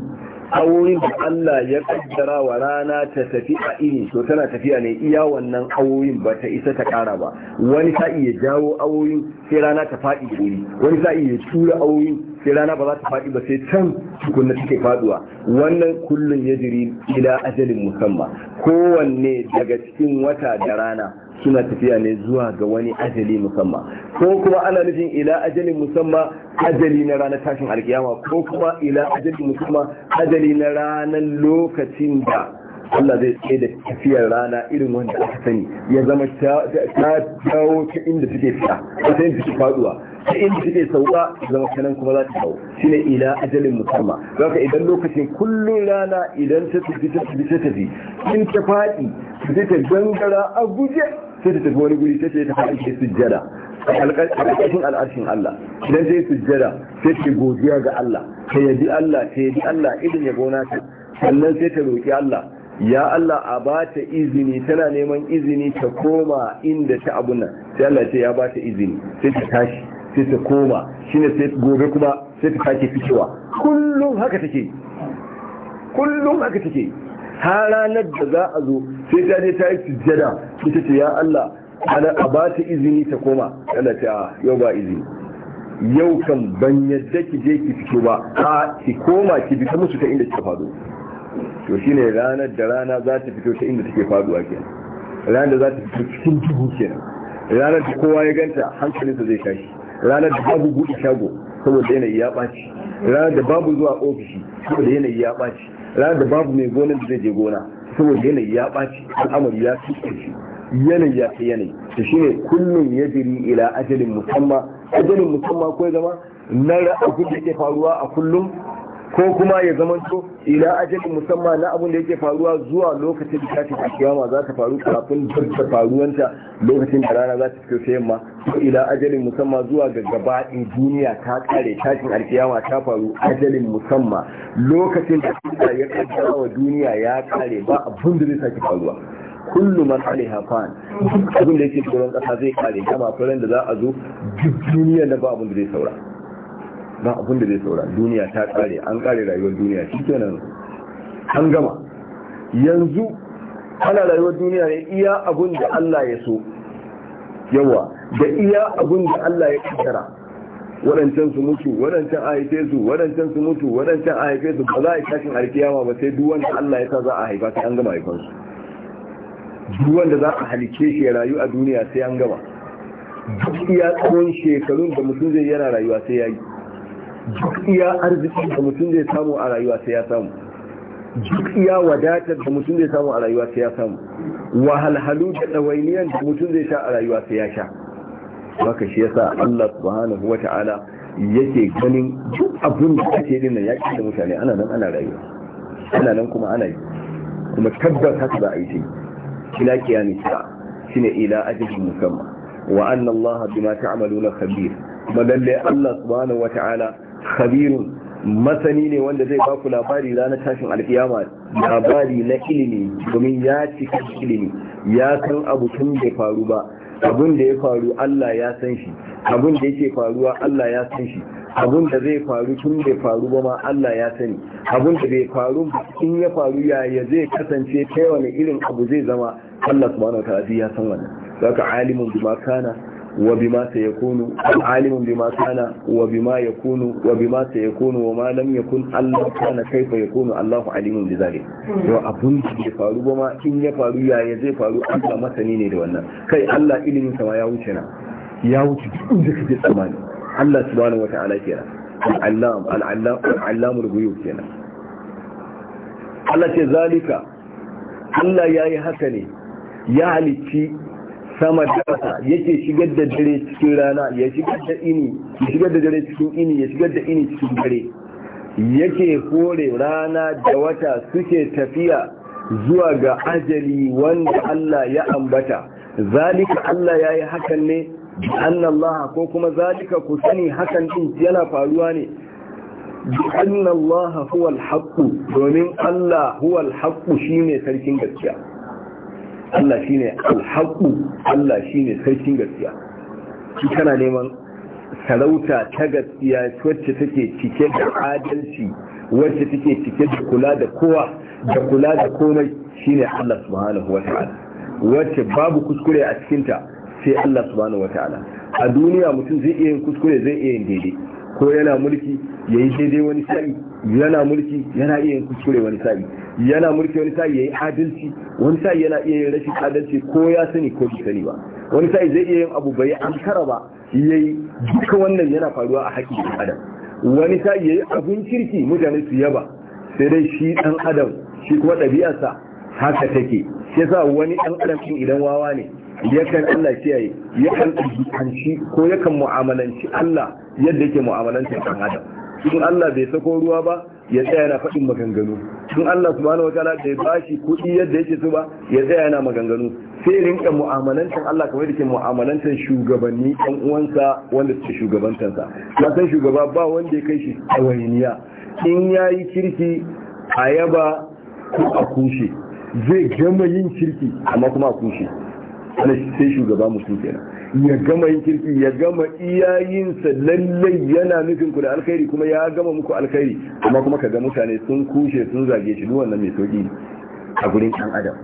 Aure da Allah ya kaddara wa rana ta tafi a ini to tana tafiya ne iya wannan awoyin ba ta isa ta kara ba wani sa'i ya jawo awoyin sai rana ta faɗi wuri wani sa'i ya tura awoyin sai rana ba za ta faɗi ba sai can tukunna take faɗuwa. wannan kullun ya jiri ila ajalin musamman kowanne daga cikin wata da rana suna tafiya ne zuwa ga wani ajali musamman ko kuma ana nufin ila ajalin musamman ajali na ranar tashin alkiyama ko kuma ila ajalin musamman ajali na ranar lokacin da Allah zai tsaye da tafiyar rana irin wanda aka sani ya zama ta ta inda suke fita ta inda suke faduwa ta inda suke sauka zama kanan kuma za ta shi ne ila ajalin musamman zaka idan lokacin kullum rana idan ta tafi ta tafi ta tafi in ta faɗi sai ta gangara a guje sai ta tafi wani guri ta ce ta faɗi sujjada alƙarƙashin al'arshin Allah idan ta yi sujjada sai ta godiya ga Allah ta yabi Allah ta yabi Allah irin ya gona ta sannan sai ta roƙi Allah ya Allah a ba ta izini tana neman izini ta koma inda ta abuna sai Allah ce ya ba ta izini sai ta tashi sai ta koma shine sai gobe kuma sai ta sake fitowa kullum haka take kullum haka take har ranar da za a zo sai ta je ta yi sujjada sai ta ce ya Allah ana a ba ta izini ta koma Allah ce a ah, yau ba izini yau kan ban yadda ki je ki fito ba ka ki koma ki bi ta musu ta inda kika faɗo to shine ranar da rana za ta fito ta inda take faduwa kenan ranar da za ta fito cikin duhu kenan ranar da kowa ya ganta hankalinsa zai tashi ranar da babu buɗe shago saboda yanayi ya ɓaci ranar da babu zuwa ofishi saboda yanayi ya ɓaci ranar da babu mai gonar da zai je gona saboda yanayi ya ɓaci al'amari ya fi shi yanayi ya fi yanayi To shi ne kullum ya jiri ila ajalin musamma ajalin musamma ko ya zama na abin da ke faruwa a kullum ko kuma ya zamanto ila ajalin musamman na abin da yake faruwa zuwa lokacin da ta kiyama za ta faru kafin ta faruwanta lokacin da rana za ta fito ta yamma ko ila ajalin musamman zuwa ga gabaɗin duniya ta kare tashin alkiyama ta faru ajalin musamman lokacin da Allah ya kaddara wa duniya ya kare ba abin da zai sake faruwa kullu man alaiha fan abin da yake tsoron kasa zai kare kama furen da za a zo duk duniya da ba abin da zai saura ba abin da zai saura duniya ta kare an kare rayuwar duniya shi kenan an gama yanzu ana rayuwar duniya ne iya abin da Allah ya so yawa da iya abin da Allah ya kaddara wadancan su mutu waɗancan a haife su wadancan su mutu waɗancan a haife su ba za a yi tashin alkiyama ba sai duwanda Allah ya sa za a haifa sai an gama haifar duwan duwanda za a halice shi ya rayu a duniya sai an gama duk iya tsawon shekarun da mutum zai yana rayuwa sai ya yi duk iya arziki da mutum zai samu a rayuwa sai ya samu duk iya wadatar da mutum zai samu a rayuwa sai ya samu wahalhalu da ɗawainiyar da mutum zai sha a rayuwa sai ya sha maka shi yasa Allah subhanahu wa taala yake ganin duk abin da ake din nan yaki da mutane ana nan ana rayuwa ana nan kuma ana yi kuma tabbas haka za a yi shi ila kiyami sa shine ila ajin musamman wa anna Allah bima ta'maluna khabir kuma lalle Allah subhanahu wa taala. khabirun masani ne wanda zai baku labari ranar tashin alkiyama labari na ilimi domin ya cika ilimi ya san abu tun bai faru ba Abun da ya faru Allah ya san shi abin da yake faruwa Allah ya san shi abin da zai faru tun bai faru ba ma Allah ya sani Abun da bai faru in ya faru yaya zai kasance ta wani irin abu zai zama Allah subhanahu wa ta'ala ya san wannan zaka alimun bima kana وبما سيكون عالم بما كان وبما يكون وبما سيكون وما لم يكن الله كان كيف يكون الله عليم بذلك وابun da ya faru ba in ya faru yaya zai faru Allah masani ne da wannan kai Allah ilimin sa ma ya wuce na ya wuce duk da kake tsammani Allah subhanahu wataala kenan al-allam al-allam al-allamul ghuyub kenan Allah ce zalika Allah yayi haka ne ya halicci sama da ƙasa yake shigar da dare cikin rana ya shigar da ini ya shigar da dare cikin ini ya shigar da ini cikin dare yake hore rana da wata suke tafiya zuwa ga ajali wanda Allah ya ambata zalika Allah ya yi hakan ne annallaha ko kuma zalika ku sani hakan din yana faruwa ne annallaha huwal alhaqqu domin Allah huwal alhaqqu shine sarkin gaskiya Allah shine alhaqu Allah shine sarkin gaskiya shi kana neman sarauta ta gaskiya wacce take cike da adalci wacce take cike da kula da kowa da kula da komai shine Allah subhanahu wata'ala wacce babu kuskure a cikinta sai Allah subhanahu wata'ala a duniya mutum zai iya yin kuskure zai iya yin daidai ko yana mulki ya yi daidai wani sa'i yana mulki yana iya yin kuskure wani sa'i yana mulki wani sa'i ya yi adalci wani sa'i yana iya yin rashin adalci ko ya sani ko bai sani ba wani sa'i zai iya yin abu bai ankara ba ya yi duka wannan yana faruwa a haƙƙin adam wani sa'i ya yi abin kirki mutane su yaba sai dai shi ɗan adam shi kuma ɗabi'arsa haka take shi yasa wani ɗan adam idan wawa ne yakan Allah kiyaye yakan ɗauki ko yakan mu'amalanci Allah yadda yake mu'amalanci ɗan adam Shin Allah bai sako ruwa ba ya tsaya yana faɗin maganganu Shin Allah subhanahu wataala bai bashi kuɗi yadda yake so ba ya tsaya yana maganganu sai rinka mu'amalantar Allah kamar yake ke mu'amalantar shugabanni ɗan uwansa wanda suke shugabantansa na san shugaba ba wanda ya kai shi tsawainiya in ya yi kirki a yaba ko a kushe zai gama yin kirki amma kuma a kushe wani sai shugaba mutum kenan ya gama yin kirki ya gama iyayinsa lallai yana nufin ku da alkhairi kuma ya gama muku alkhairi amma kuma kaga mutane sun kushe sun zage shi duk wannan mai sauki a gurin ɗan adam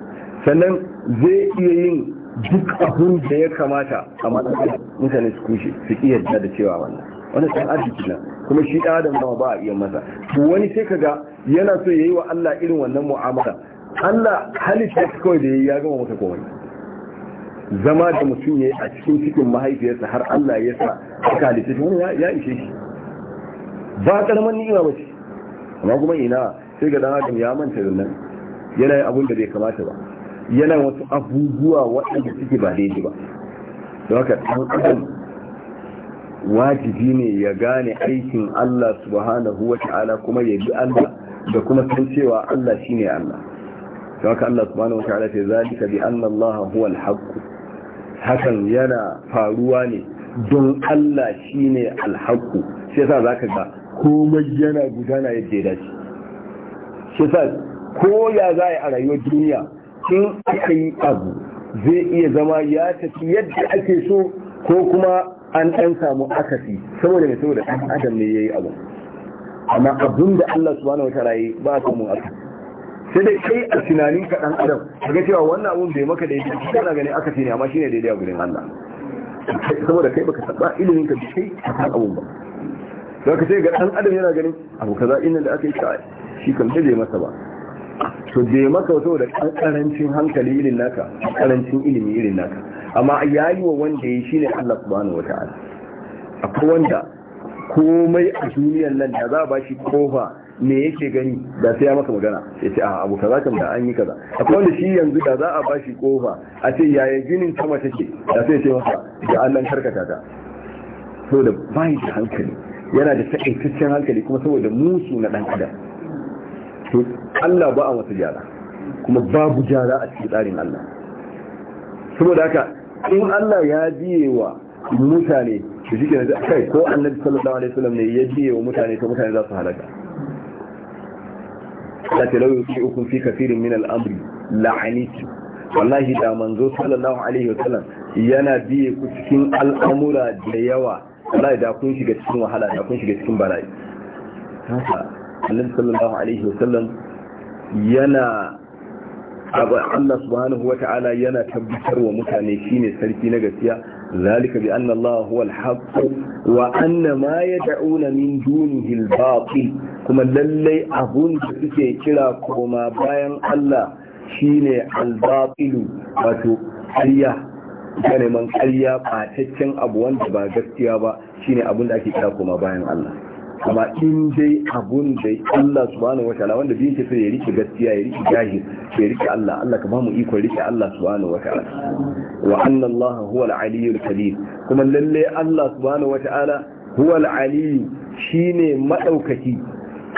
sannan zai iya yin duk abun da ya kamata a matsayin mutane su kushe su iya da cewa wannan wani ɗan arziki nan, kuma shi ɗan adam ba a iya masa wani sai kaga yana so ya yi wa Allah irin wannan mu'amala Allah halitta kawai da ya gama masa komai zama da mutum ya a cikin cikin mahaifiyarsa har Allah ya sa aka halitta shi wani ya ishe shi ba karaman ni'ima ba ce amma kuma ina sai ga dan adam ya manta da nan yana yin abin da bai kamata ba yana wasu abubuwa waɗanda suke ba daidai ba don haka ɗan adam wajibi ne ya gane aikin Allah subhanahu wa ta'ala kuma ya bi Allah da kuma san cewa Allah shine Allah don haka Allah subhanahu wa ta'ala ta zalika bi anna Allah huwa al-haqq hakan yana faruwa ne don Allah shi ne alhaku shi yasa ka ga komai yana gudana yadda ya dace shi yasa ko ya za a rayuwar duniya in aka yi abu zai iya zama ya tafi yadda ake so ko kuma an ɗan samu akasi saboda mai saboda ɗan adam ne ya yi abu amma abin da Allah subhanahu wa ta'ala ba a mun akasi sai dai kai a tunanin ka dan adam kaga cewa wannan abun bai maka da yake kana ganin aka ne amma shine daidai a gurin Allah saboda kai baka saba ilimin ka kai akan abun ba zaka sai ga dan adam yana ganin abu kaza inna da aka yi shi kan bai masa ba to je maka wato da karancin hankali irin naka karancin ilimi irin naka amma yayi wa wanda yi shine Allah subhanahu wataala akwai wanda komai a duniyar nan da za a shi kofa me yake gani da sai ya maka magana ya ce a abu kaza kam da an yi kaza akwai wanda shi yanzu da za a bashi kofa a ce yaya ginin sama take da sai ce masa da Allah karkata ta so da bai da hankali yana da cikin hankali kuma saboda musu na dan adam to Allah ba a masa jara kuma babu jara a cikin tsarin Allah saboda haka in Allah ya biye wa mutane da shi ke kai ko annabi sallallahu alaihi wasallam ne ya biye wa mutane to mutane za su halaka ta ce lauyi ki ukun fi kafirin min al'amri la'aniki wallahi da manzo sallallahu alaihi wasallam yana biye ku cikin al'amura da yawa wallahi da kun shiga cikin wahala da kun shiga cikin bala'i haka annabi sallallahu alaihi wasallam yana abu Allah subhanahu wata'ala yana tabbatar wa mutane shine sarki na gaskiya zalika bi anna Allah huwa al-haqq wa anna ma yad'una min dunihi al-batil kuma lallai abun da suke kira koma bayan Allah shine albaqilu wato ƙarya ga neman ƙarya ɓataccen abu wanda ba gaskiya ba shine abun da ake kira koma bayan Allah amma in dai abun da Allah subhanahu wataala wanda bin so ya rike gaskiya ya rike jahil ya rike Allah Allah ka bamu iko rike Allah subhanahu wataala wa anna Allah huwa al-aliyyul kabir kuma lalle Allah subhanahu wataala huwa al-aliy shine madaukaki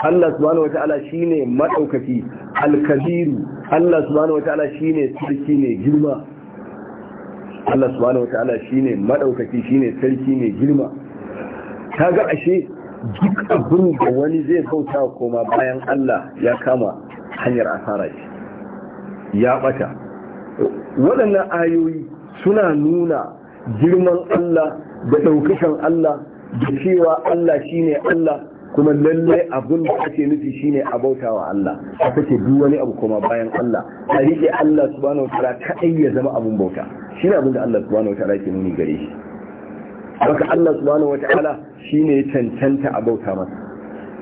Allah subhanahu wata'ala shine madaukaki alkabiru Allah subhanahu wata'ala shine sarki ne girma Allah subhanahu wata'ala shine madaukaki shine sarki ne girma kaga ashe duk abin da wani zai bauta koma bayan Allah ya kama hanyar asara shi ya bata waɗannan ayoyi suna nuna girman Allah da ɗaukakan Allah da cewa Allah shine Allah kuma lallai abun da ake nufi shine a bauta wa Allah a sake duk wani abu kuma bayan Allah a rike Allah subhanahu wa ta'ala kadai ya zama abun bauta shine abin da Allah subhanahu wa ta'ala ke nuni gare shi haka Allah subhanahu wa ta'ala shine ya cancanta a bauta masa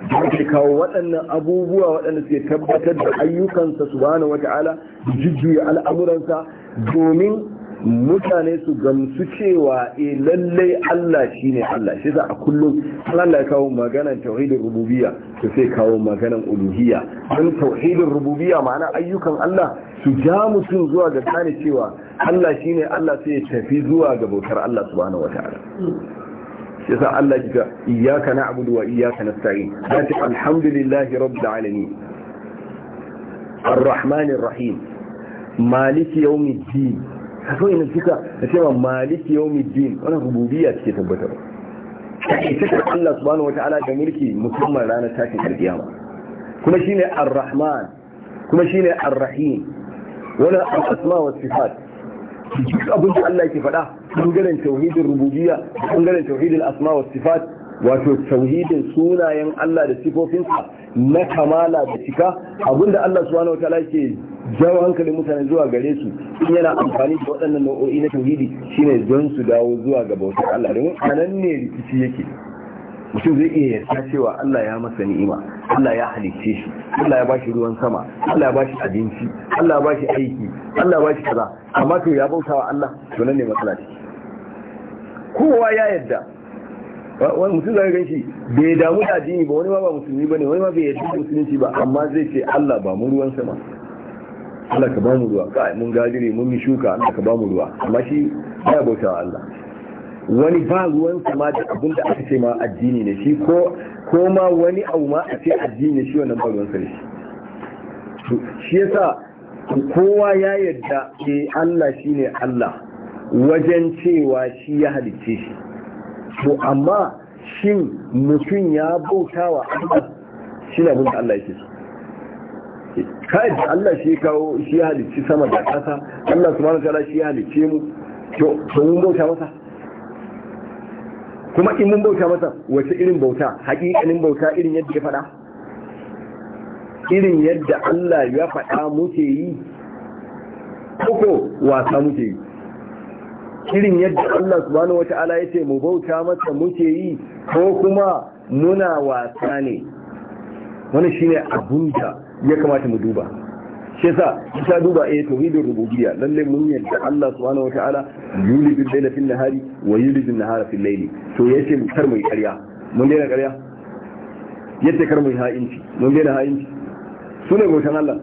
da kawo waɗannan abubuwa waɗanda suke tabbatar da ayyukansa subhanahu ta'ala jujjuya al'amuransa domin mutane su gamsu cewa e lallai Allah shi ne Allah shi a kullum Allah ya kawo maganan tauhidin rububiya to sai kawo maganan uluhiyya don tauhidin rububiya ma'ana ayyukan Allah su ja mutum zuwa ga gane cewa Allah shi ne Allah sai ya tafi zuwa ga bautar Allah subhanahu wataala shi yasa Allah ya ce iyyaka na'budu wa iyyaka nasta'in lati alhamdulillahi rabbil alamin arrahmanir rahim maliki yawmiddin ka so ina cika da cewa maliki yawmiddin wannan rububiyya ce tabbatar ita Allah subhanahu wataala da mulki musamman ranar tashin alkiyama kuma shine ar-rahman kuma shi ne rahim wani al-asma wa sifat duk abin da Allah ke faɗa bangaren tauhidin rububiyya bangaren tauhidin asma wa sifat wato tauhidin sunayen Allah da sifofinsa na kamala da cika abinda Allah subhanahu ta'ala ke jawo hankalin mutane zuwa gare su in yana amfani da waɗannan nau'o'i na tauhidi shine don su dawo zuwa ga bautar Allah don anan ne rikici yake mutum zai iya yarda cewa Allah ya masa ni'ima Allah ya halicce shi Allah ya bashi ruwan sama Allah ya bashi abinci Allah ya bashi aiki Allah ya bashi kaza amma to ya wa Allah to nan ne matsala ce kowa ya yarda wani mutum zai gan shi bai damu da addini ba wani ma ba musulmi ba ne wani ma bai yadda musulunci ba amma zai ce Allah ba mu ruwan sama Allah ka ba mu ruwa kai mun gajire mun mi shuka Allah ka ba mu ruwa amma shi ya bauta wa Allah wani ba ruwan sama da abin da aka ce ma addini ne shi ko ko ma wani abu ma a ce addini ne shi wannan ba ruwan sama? Shi shi yasa kowa ya yarda, eh Allah shine Allah wajen cewa shi ya halicce shi to amma shi mutum ya bauta wa Allah shi na bunta Allah yake su kai Allah shi kawo shi halicci sama da ƙasa Allah mara Kara shi halicce mu to mun bauta masa kuma in mun bauta masa wace irin bauta haƙiƙanin bauta irin yadda ya faɗa irin yadda Allah ya faɗa muke yi koko wasa muke yi irin yadda Allah subhanahu wata'ala ya ce mu bauta masa muke yi ko kuma muna wasa ne wani shine abunda ya kamata mu duba shi yasa ta duba eh tauhidur rububiyya lalle mun yadda Allah subhanahu wata'ala yulidu al-layla fil nahari wa yulidu an-nahara fil layli to yace mu kar mu yi ƙarya mun daina ƙarya yace kar mu yi ha'inci mun daina ha'inci sune bautan Allah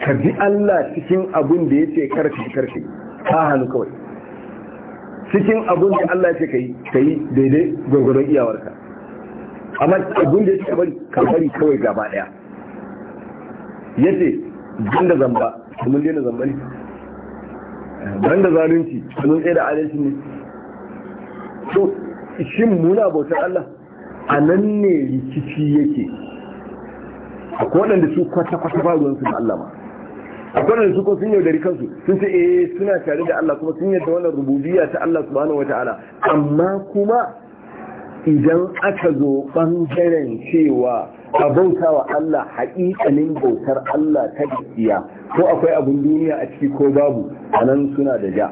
ka bi Allah cikin abun da yace karfi karfi ka hannu kawai cikin abun da Allah ce kai kai daidai gwargwadon iyawarka amma abun da ya bari ka bari kawai gaba daya ce ban da zamba mun daina zamba ne ban da zalunci mun tsaye da adalci ne so shin muna bautar Allah a nan ne rikici yake akwai da su kwata-kwata ba su da Allah ma akwai da su ko sun yaudari kansu sun ce eh suna tare da Allah kuma sun yadda wannan rububiyya ta Allah subhanahu wataala amma kuma idan aka zo bangaren cewa a bautawa Allah haƙiƙanin bautar Allah ta gaskiya ko akwai abun duniya a ciki ko babu anan suna da ja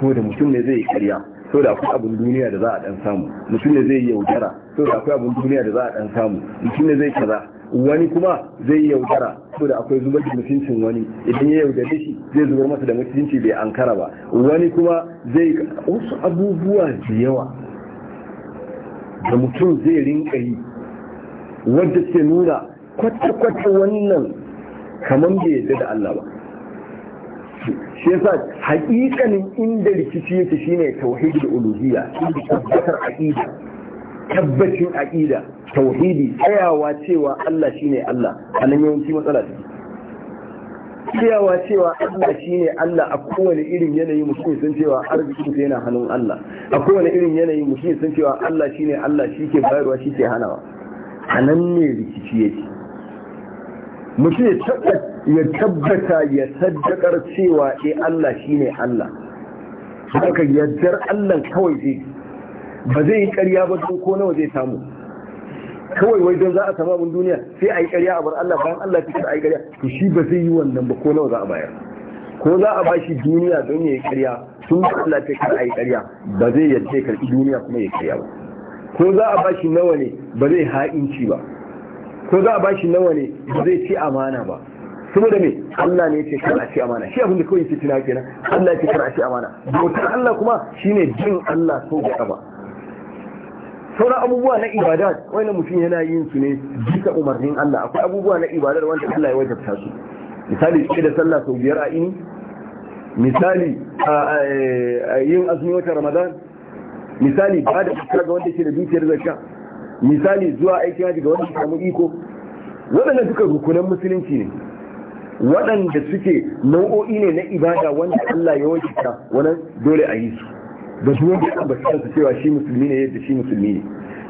ko da mutum ne zai karya so da akwai abun duniya da za a dan samu mutum ne zai yaudara so da akwai abun duniya da za a dan samu mutum ne zai kaza wani kuma zai yaudara saboda akwai zubar da mutuncin wani idan ya yaudare shi zai zubar masa da mutunci bai ankara ba wani kuma zai wasu abubuwa da yawa da mutum zai rinka yi wadda ke nuna kwata-kwata wannan kamar bai yadda da Allah ba shi yasa hakikanin inda rikici yake shine da uluhiyya tabbatar aqida tabbacin aqida tauhidi tsayawa cewa Allah shine Allah a nan yawanci matsala ce tsayawa cewa Allah shine Allah a kowane irin yanayi mutum san cewa arziki sa yana hannun Allah a kowane irin yanayi mutum san cewa Allah shine Allah shike bayarwa shike hanawa a nan ne rikici yake mutum ya tabbata ya saddakar cewa eh Allah shine Allah haka yaddar Allah kawai zai ba zai yi ƙarya ba ko nawa zai samu kawai wai don za a sama abin duniya sai a yi ƙarya a bar Allah bayan Allah ya fitar a yi ƙarya to shi ba zai yi wannan ba ko nawa za a bayar ko za a bashi duniya don ya yi ƙarya sun da Allah ya fitar a yi ƙarya ba zai yarda ya karɓi duniya kuma ya ƙarya ba ko za a bashi nawa ne ba zai ha'inci ba ko za a bashi nawa ne ba zai ci amana ba saboda me Allah ne yake kar a ci amana shi abin da kawai yake tunawa kenan Allah yake kar a ci amana bautar Allah kuma shine jin Allah so ga ba sauran abubuwa na ibada wani mutum yana yin su ne bisa umarnin Allah akwai abubuwa na ibada wanda Allah ya wajabta su misali cike da sallah sau biyar a ini misali a yin azumi wata ramadan misali ba da ga wanda ke da dukiyar zarka misali zuwa aikin haji ga wanda ke samu iko waɗanda duka rukunan musulunci ne waɗanda suke nau'o'i ne na ibada wanda Allah ya wajabta wannan dole a yi su ga duk wanda ya ba su cewa shi musulmi ne yadda shi musulmi ne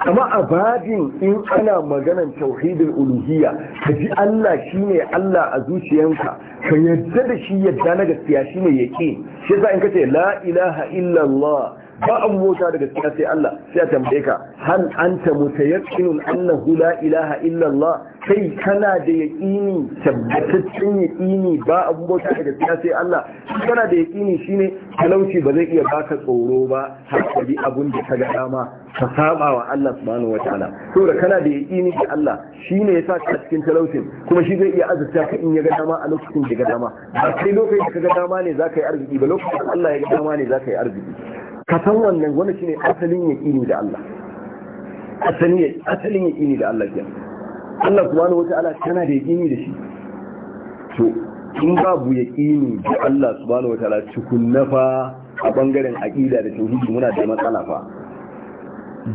amma a babin in ana maganan tauhidul uluhiyya ka ji Allah shi ne Allah a zuciyanka ka yadda da shi yadda na gaskiya ne yake shi yasa in kace la ilaha illallah ba an mota da gaskiya sai Allah sai a tambaye ka hal anta mutayaqqinun annahu la ilaha illallah kai kana da yaƙini tabbataccen yaƙini ba abun bauta da siya sai Allah kana da yaƙini shine talauci ba zai iya baka tsoro ba har abun da ka ga dama ka saba wa Allah subhanahu wataala da kana da yaƙini da Allah shine yasa ka cikin talauci kuma shi zai iya azurta ka in ya ga dama a lokacin da ga dama ba sai lokacin da ka ga dama ne zaka yi arziki ba lokacin Allah ya ga dama ne zaka yi arziki ka san wannan shi shine asalin yaƙini da Allah asalin yaƙini da Allah kenan Allah subhanahu wata'ala tana da yaƙini da shi to in babu yaƙini da Allah subhanahu wata'ala tukunna fa a ɓangaren aƙida da tauhidi muna da matsala fa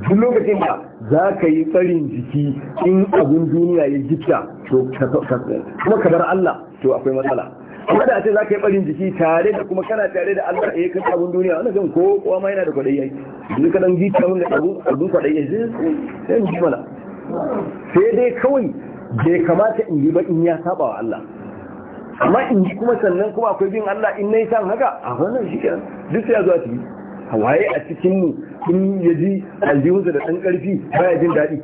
duk lokacin da za ka yi tsarin jiki in abin duniya ya gifta to kuma ka bar Allah to akwai matsala kuma da ce za ka yi tsarin jiki tare da kuma kana tare da Allah eh, ya kan abin duniya wanda zan ko kowa ma yana da kwadayi duk kadan gita mun da abun abun zai eh, sai sai mu ji mana sai dai kawai bai kamata in yi ba in ya saba wa Allah amma in yi kuma sannan kuma akwai bin Allah in yi san haka a wannan shi kenan duk sai ya zo a ciki waye a cikin mu in ya ji aljihunsa da ɗan ƙarfi baya jin daɗi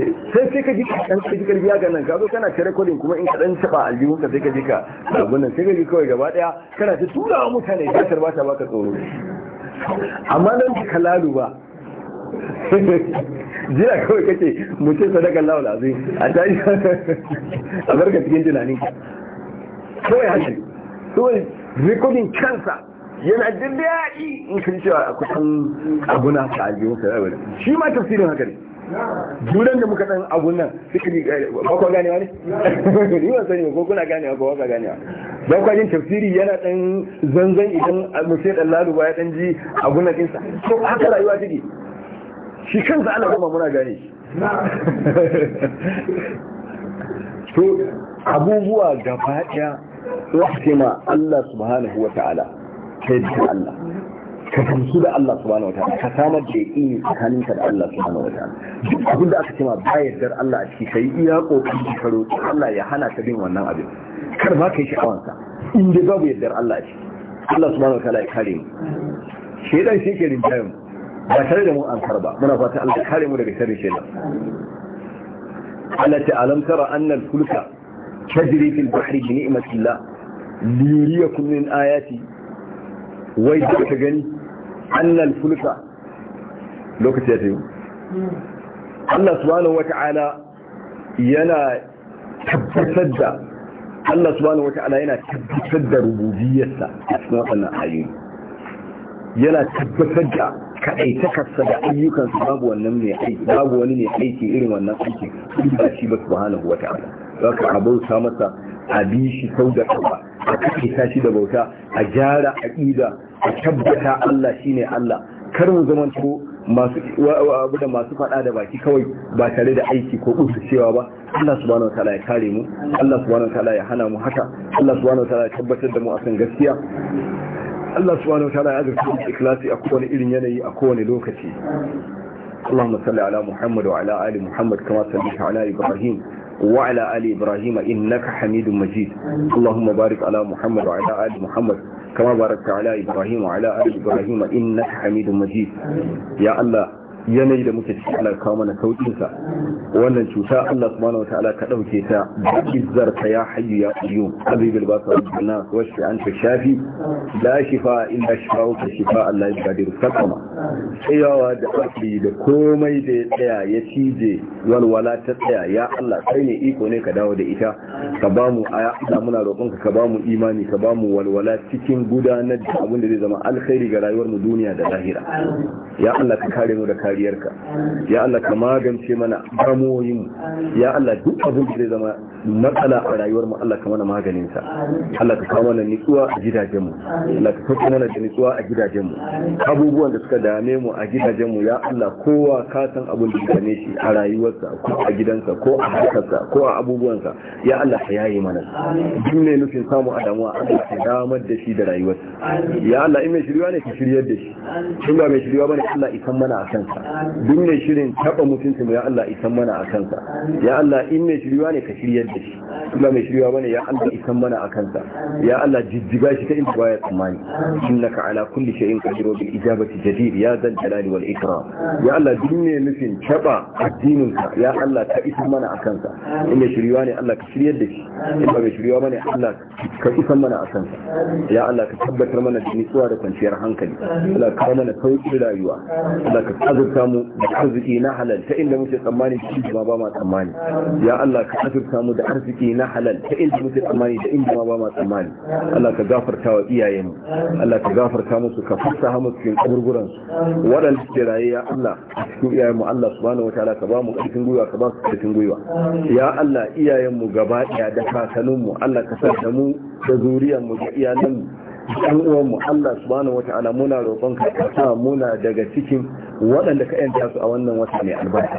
eh, sai sai ka ji ɗan ƙarfi ƙarfi ya ganin ka zo kana ta rekodin kuma in ka ɗan taɓa aljihunsa sai ka ji ka abunan sai ka ji kawai gaba ɗaya kana ta tura wa mutane ta tarbata ka tsoro amma nan ka lalu ba jiya kawai kake mutum sadakar lawal azim a tashi a barka cikin tunanin kawai haka kawai rikodin kansa yana da in kan cewa a kusan abuna ta aljihun sa yawon shi ma tafsirin haka ne duran da muka ɗan abun nan suka ji eh, bakwa ganewa ne yi wasu ne ko kuna ganewa ko waka ganewa bakwa yin tafsiri yana ɗan zanzan idan musai ɗan laluba ya ɗan ji abun nan ɗinsa to haka rayuwa take shi kansa ana zama muna gane so abubuwa gaba ɗaya wasu ma Allah subhanahu wa ta'ala ta yi Allah ka gamsu da Allah subhanahu wa ta'ala ka samar da yaƙini tsakaninka da Allah subhanahu wa ta'ala duk abin da aka ce ma ba Allah a ciki ka yi iya ƙoƙarin ka Allah ya hana ka bin wannan abin kar ma ka yi sha'awansa in dai babu yardar Allah a ciki Allah subhanahu wa ta'ala ya kare mu shedan shi ke rinjayen mu ba tare da mu an karba muna fata an kare mu daga sharri kenan Allah ta alam tara anna al-fulka tajri fil bahri bi ni'matillah liyuriyakum min ayati wai da ka gani anna al-fulka lokaci ya tayi Allah subhanahu wata'ala yana tabbatar da Allah subhanahu wata'ala yana tabbatar da rububiyyarsa a cikin wannan ayoyi yana tabbatar da kadai takarsa da ayyukansu babu wannan mai aiki babu wani mai aiki irin wannan aiki ba shi ba subhanahu wata'ala za ka abauta masa a bi sau da kafa a kake shi da bauta a gyara ƙida a tabbata Allah shi ne Allah kar mu zaman ko masu abu da masu fada da baki kawai ba tare da aiki ko cewa ba Allah subhanahu wataala ya kare mu Allah subhanahu wataala ya hana mu haka Allah subhanahu wataala ya tabbatar da mu akan gaskiya Allah subhanahu wa ta'ala ya zarfi ikhlasi a kowane irin yanayi a kowane lokaci Allahumma salli ala Muhammad wa ala ya Muhammad kama sallaita ala Ibrahim wa ala ali Ibrahim innaka Hamidum Majid Allahumma barik ala Muhammad wa ala ali Muhammad kama barakta ala Ibrahim wa ala ali Ibrahim innaka Hamidum Majid ya Allah yanayi da muke ciki Allah kawo mana saukin sa wannan cuta Allah subhanahu wataala ka dauke ta da izzar ta ya hayyu ya qayyum azib wa basar rabbana an anta shafi la shifa illa shifauka shifa Allah ya yaqdir sakama tsayawa da asli da komai da ya tsaya ya cije walwala ta tsaya ya Allah kai ne iko ne ka dawo da ita ka ba mu aya Allah muna roƙonka ka ba mu imani ka ba mu walwala cikin gudanar da abin da zai zama alkhairi ga rayuwar mu duniya da lahira ya Allah ka kare mu da kare dariyarka ya Allah ka magance mana damoyin ya Allah duk abin da zai zama matsala a rayuwar mu Allah ka mana maganin sa Allah ka kawo mana nutsuwa a gidajen mu Allah ka kawo mana da nutsuwa a gidajen mu abubuwan da suka dame mu a gidajen mu ya Allah kowa ka san abin da dame shi a rayuwarsa ko a gidansa ko a harkarsa ko a abubuwansa ya Allah ka yaye mana duk ne nufin samu a damuwa Allah ka damar da shi da rayuwarsa ya Allah in mai shirya ne ka shiryar da shi in ba mai shirya bane Allah isan mana a kansa duk mai shirin taba mutunci mu ya Allah isan mana a kansa ya Allah in mai shiryuwa ne ka shiryar da shi ba mai shiryuwa bane ya Allah isan mana a kansa ya Allah jijjiga shi ta inda baya tsammani innaka ala kulli shay'in qadir bil ijabati jadir ya dal jalali wal ikram ya Allah duk mai nufin taɓa addinin ka ya Allah ka isan mana a kansa in mai shiryuwa ne Allah ka shiryar da shi in ba mai shiryuwa bane Allah ka isan mana a kansa ya Allah ka tabbatar mana da nutsuwa da kwanciyar hankali Allah ka mana sauki rayuwa Allah ka azurta azurta da arziki na halal ta inda muke tsammani da inda ma ba ma tsammani ya Allah ka azurta mu da arziki na halal ta inda muke tsammani da inda ma ba ma tsammani Allah ka gafarta wa iyayen mu Allah ka gafarta musu ka fasaha musu cikin kaburburan su waɗanda suke raye ya Allah a cikin iyayen mu Allah subhanahu wataala ka ba mu ƙarfin gwiwa ka ba su ƙarfin gwiwa ya Allah iyayen mu gaba ɗaya da kakannin mu Allah ka sa mu da zuriyar mu da iyalan mu ɗan mu Allah subhanahu wata'ala muna roƙon ka sa muna daga cikin waɗanda ka yanta su a wannan wata mai albarka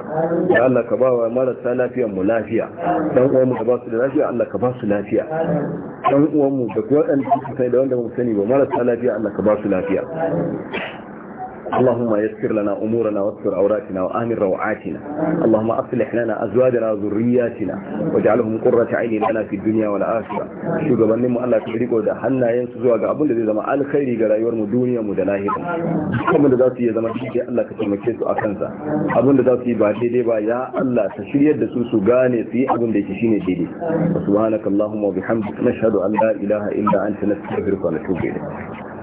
ya Allah ka bawa marasa lafiyar mu lafiya ɗan mu da ba su da lafiya Allah ka ba su lafiya ɗan mu da waɗanda suka sani da wanda ba mu sani ba marasa lafiya Allah ka ba su lafiya اللهم يسر لنا أمورنا واستر عوراتنا وآمن روعاتنا اللهم أصلح لنا أزواجنا وذرياتنا واجعلهم قرة عين لنا في الدنيا والآخرة shugabannin mu Allah ka riko da hannayen su zuwa ga abin da zai zama alkhairi ga rayuwar mu duniyar mu da lahira kuma da za su zama shi Allah ka taimake su a sa abin da za yi ba daidai ba ya Allah ta shiryar da su su gane su yi da shine daidai subhanakallahumma wa bihamdika nashhadu an ilaha illa anta nastaghfiruka wa natubu ilayk